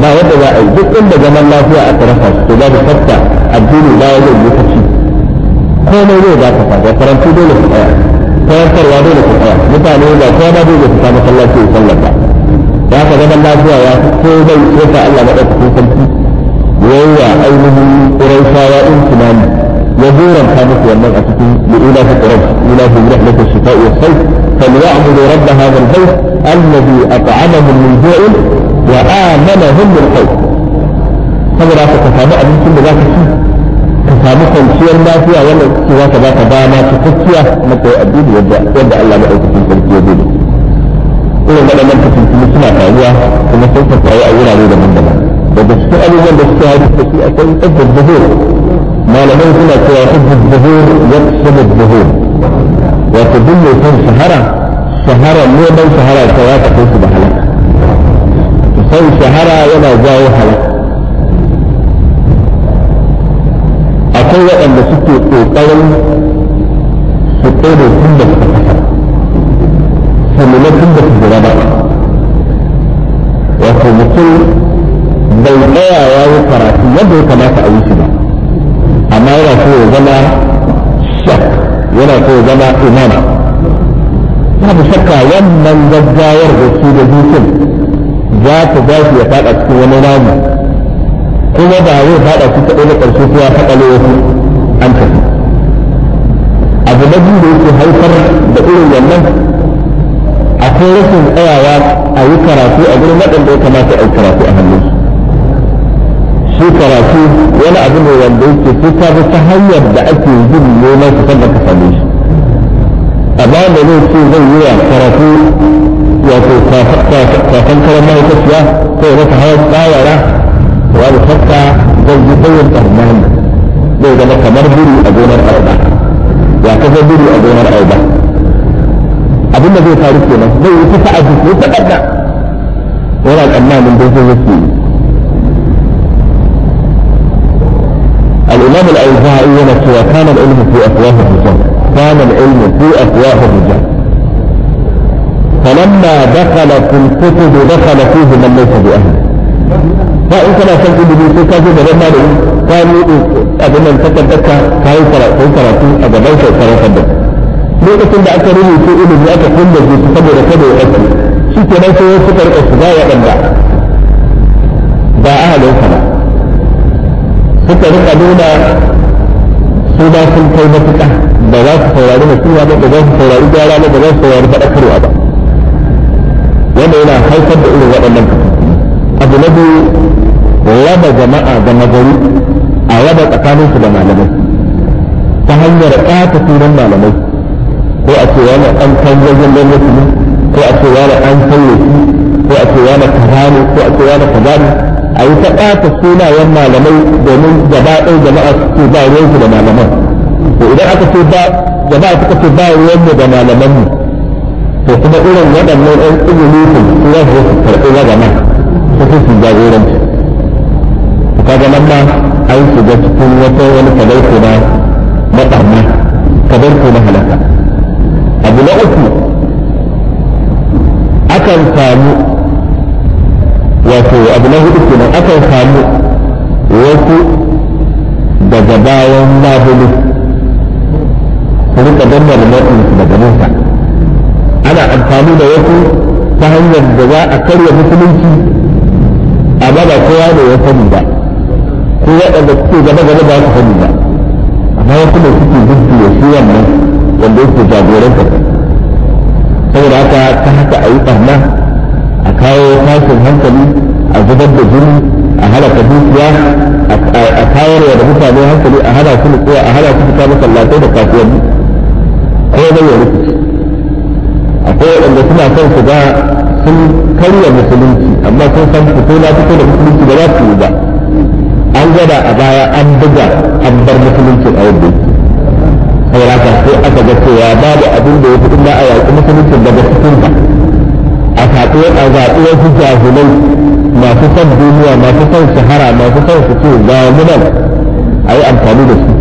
ba yadda za a yi duk inda zaman lafiya a tarafa su to babu tsafta addini ba zai yi ta ci komai zai za ka faɗa karantu dole su tsaya karantarwa dole su tsaya mutane ba kowa ba dole su samu sallaci su sallar ba ya ka zaman lafiya ya fi komai sai ka Allah maɗaukakin sarki yayya ainihin ƙuraishawa ɗin tunani ya goranta musu wannan a cikin li'ula ta a li'ula ta yi rahmatu shifa wa sai فليعبدوا رب هذا البيت الذي أطعمهم من جوع وآمنهم من خوف. هذا لا تتفاعل أبنكم بذلك ka samu kwanciyar lafiya wannan ciki za ka ka dama ta kakkiya na kai addini yadda Allah ya maɗaukakin sarki ya gudu irin waɗannan fitintunu suna faruwa kuma sun ka faru a wurare mun daban daga cikin abubuwan da suka haɗu da shi akwai da zuwa malamai suna cewa da zuwa ya da zuwa wato duk mai son shahara shahara neman shahara ta ya kai su da halaka sai shahara yana jawo halaka akwai waɗanda suke ƙoƙarin su tsere tun da suka kasa su nuna tun da su jira ba wato mutum bai tsaya ya yi karatu yadda ya kamata a yi shi ba amma yana so ya zama shak yana so ya zama imama babu shakka wannan gaggawar da su da dutsen za ta za ya faɗa cikin wani rami kuma ba zai fada ku kaɗai da ƙarshe ko ya faɗa ne wasu an tafi abu na biyu da yake haifar da irin wannan akwai rashin tsayawa a yi karatu a gurin waɗanda ya kamata a yi karatu a hannun shi karatu wani abu ne wanda yake sai ka bi ta hanyar da ake yin neman su sannan ka same shi amma da zai ce zai yi wa karatu wato kafin karan mahaifaciya sai masa hawan tsayara wani haka zai yi tsawon tsammani zai zama kamar biri a gonar arba ya kasar biri a gonar arba abin da zai faru kenan zai yi kusa a jiki ta ƙarna wani tsammanin don sai yake yi الإمام الأوزاعي يقول وكان العلم في أفواه الرجال كان العلم في أفواه الرجال فلما دخل في الكتب دخل فيه من ليس بأهله amma in kana son ilimi ko ka zo gaban malami ka miƙe abin nan takardarka ka yi karatu a gaban sa karantar da lokacin da aka rubuta ilimi aka kunna su saboda kada ya ɗauki shi ke nan sai suka rika su ba waɗanda ba a sa ba suka rika nuna su ba sun kai matuƙa ba za su saurari nasiha ba ba za su saurari gyara ba ba za su saurari faɗakarwa ba wanda yana haifar da irin waɗannan abu na biyu raba jama'a da magari a raba tsakanin su da malamai ta hanyar ƙata turan malamai ko a ce wani an kan zagin da ne ko a ce wani an sauye shi ko a ce wani kaza ko a ce wani kaza a yi ta ƙata sunayen malamai domin gaba ɗaya jama'a su ba ruwan su da malaman to idan aka ce ba jama'a suka ce ba ruwan mu da malaman mu to kuma irin waɗannan ɗan tsibiri su za su karɓi na gama su su jagoranci kaga nan ma an shiga cikin wata wani kadarko na matsarna kadarko na halaka abu na uku akan samu wato abu na hudu kenan akan samu wasu daga bayan labulu rika danna da su daga nesa ana amfani da wasu ta hanyar da za a karya musulunci amma ba kowa ne ya sani ba ko waɗanda suke gaba gaba ba su sani ba amma wasu da suke ya shi wannan wanda yake jagoranta saboda haka ta haka a yi ɓarna a kawo tashin hankali a zubar da jini a halaka dukiya a kawarwa da mutane hankali a hana su nutsuwa a hana su fita masallatai da kasuwanni ko zai ya rikici akwai waɗanda suna son su ga sun karya musulunci amma sun san fito na fito da musulunci ba za su yi ba an gada a baya an buga an bar musulunci a yadda saboda haka sai aka ga cewa da abin da ya fi illa a yaƙi musulunci daga cikin ba a zaɓi a zaɓi su jahilai masu son duniya masu son shahara masu son su ce ga munan a yi amfani da su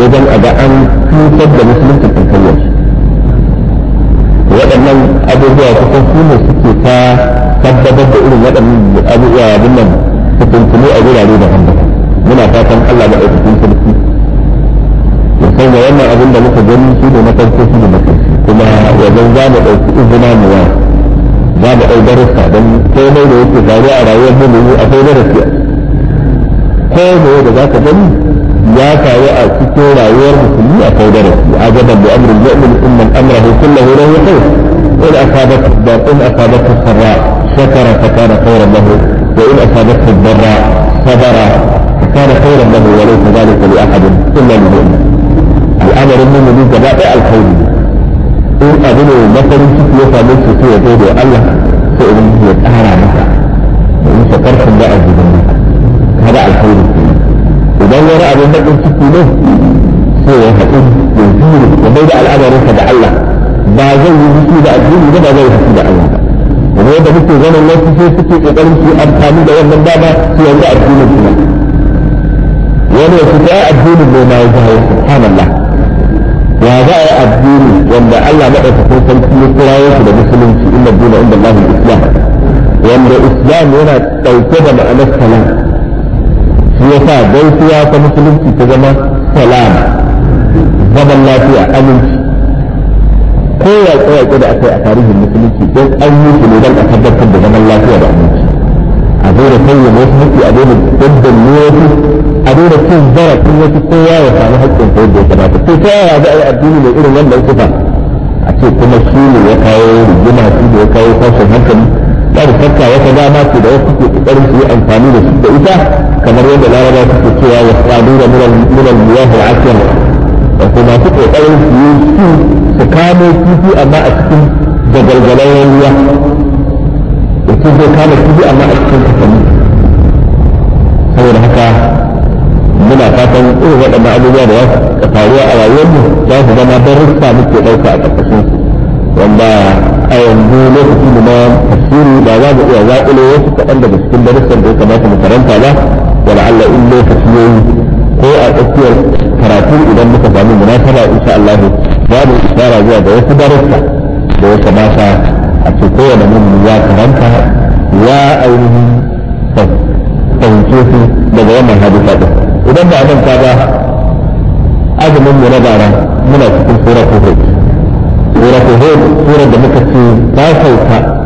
wajen a ga an cutar da musulunci kankayyar waɗannan abubuwa kusan su ne suke ta tabbatar da irin waɗannan abubuwa abin nan fitintunu a wurare da hannu muna fatan Allah da ɗaukakin sarki ya sanya wannan abin da muka gani shi ne na farko shi ne na ƙarshe kuma wajen za mu ɗauki izina mu wa za mu ɗau darussa don komai da yake faruwa a rayuwar mu mu akwai darasi komai da za ka gani ya faru a cikin rayuwar musulmi akwai darasi ajaban bi amrin mu'min inna amrahu kullahu lahu khair in asabat in asabat sarra shakara fakana khairan lahu wa in asabat ضراء صبر كان خيرا له وليس ذلك لاحد الا المؤمن الامر منه من جزاء الخير in abu ne matsayin ciki ya samu su su yabo da Allah sai ibn ya tsara masa domin sa karfin da azumin ne kada alkhairi idan wani abu na ɗin ciki ne sai ya haɗu da zuri ya da Allah ba zai yi zuci da azumi ba ba zai yi da Allah ba kuma yadda muke ganin wasu sai suke ƙoƙarin su amfani da wannan dama su yanzu azumin su ne wani ya fita ai addinin noma ya jawo subhanallah ya za a yi addini wanda Allah madaukakin sarki ya kira yake da musulunci inda dina inda Allah islam wanda islam yana ɗauke da ma'anar salam shi yasa gaisuwa ta musulunci ta zama salam zaman lafiya aminci ko ya tsaya da yi a tarihin musulunci don an yi shi ne don a tabbatar da zaman lafiya da aminci daina sanya wasu haƙƙi a daina daddanne wasu a daina cin zarafin wasu kowa ya samu haƙƙin ko yadda ya kamata to ta yaya za a yi addini mai irin wannan sifa a ce kuma shi ne ya kawo rigima shi ne ya kawo tashin hankali ta da fakka wata dama ce da wasu ke ƙoƙarin su yi amfani da shi da ita kamar yadda laraba suke cewa ya sadu da mulan miyahul asiyar wato masu ƙoƙarin su yi su kamo kifi amma a cikin dagalgalar ruwa da zai kama kuɗi amma a cikin kafanni saboda haka muna fatan irin waɗannan abubuwa da ya faruwa a rayuwarmu za su zama darussa muke ɗauka a ƙarƙashin wanda a yanzu lokacin mu na tafsiri ba za mu iya zaƙulo wasu kaɗan daga cikin darussan da ya kamata mu karanta ba wala'alla in lokaci yayi ko a tsakiyar karatu idan muka samu munasaba insha Allah za mu isara zuwa ga wasu darussa da ya kamata a koya da mun ya karanta ya ainihin fahimce su daga wannan hadisa ɗin idan ba a ta ba azumin mu na bara muna cikin sura kohot sura kohot sura da muka ce ta sauka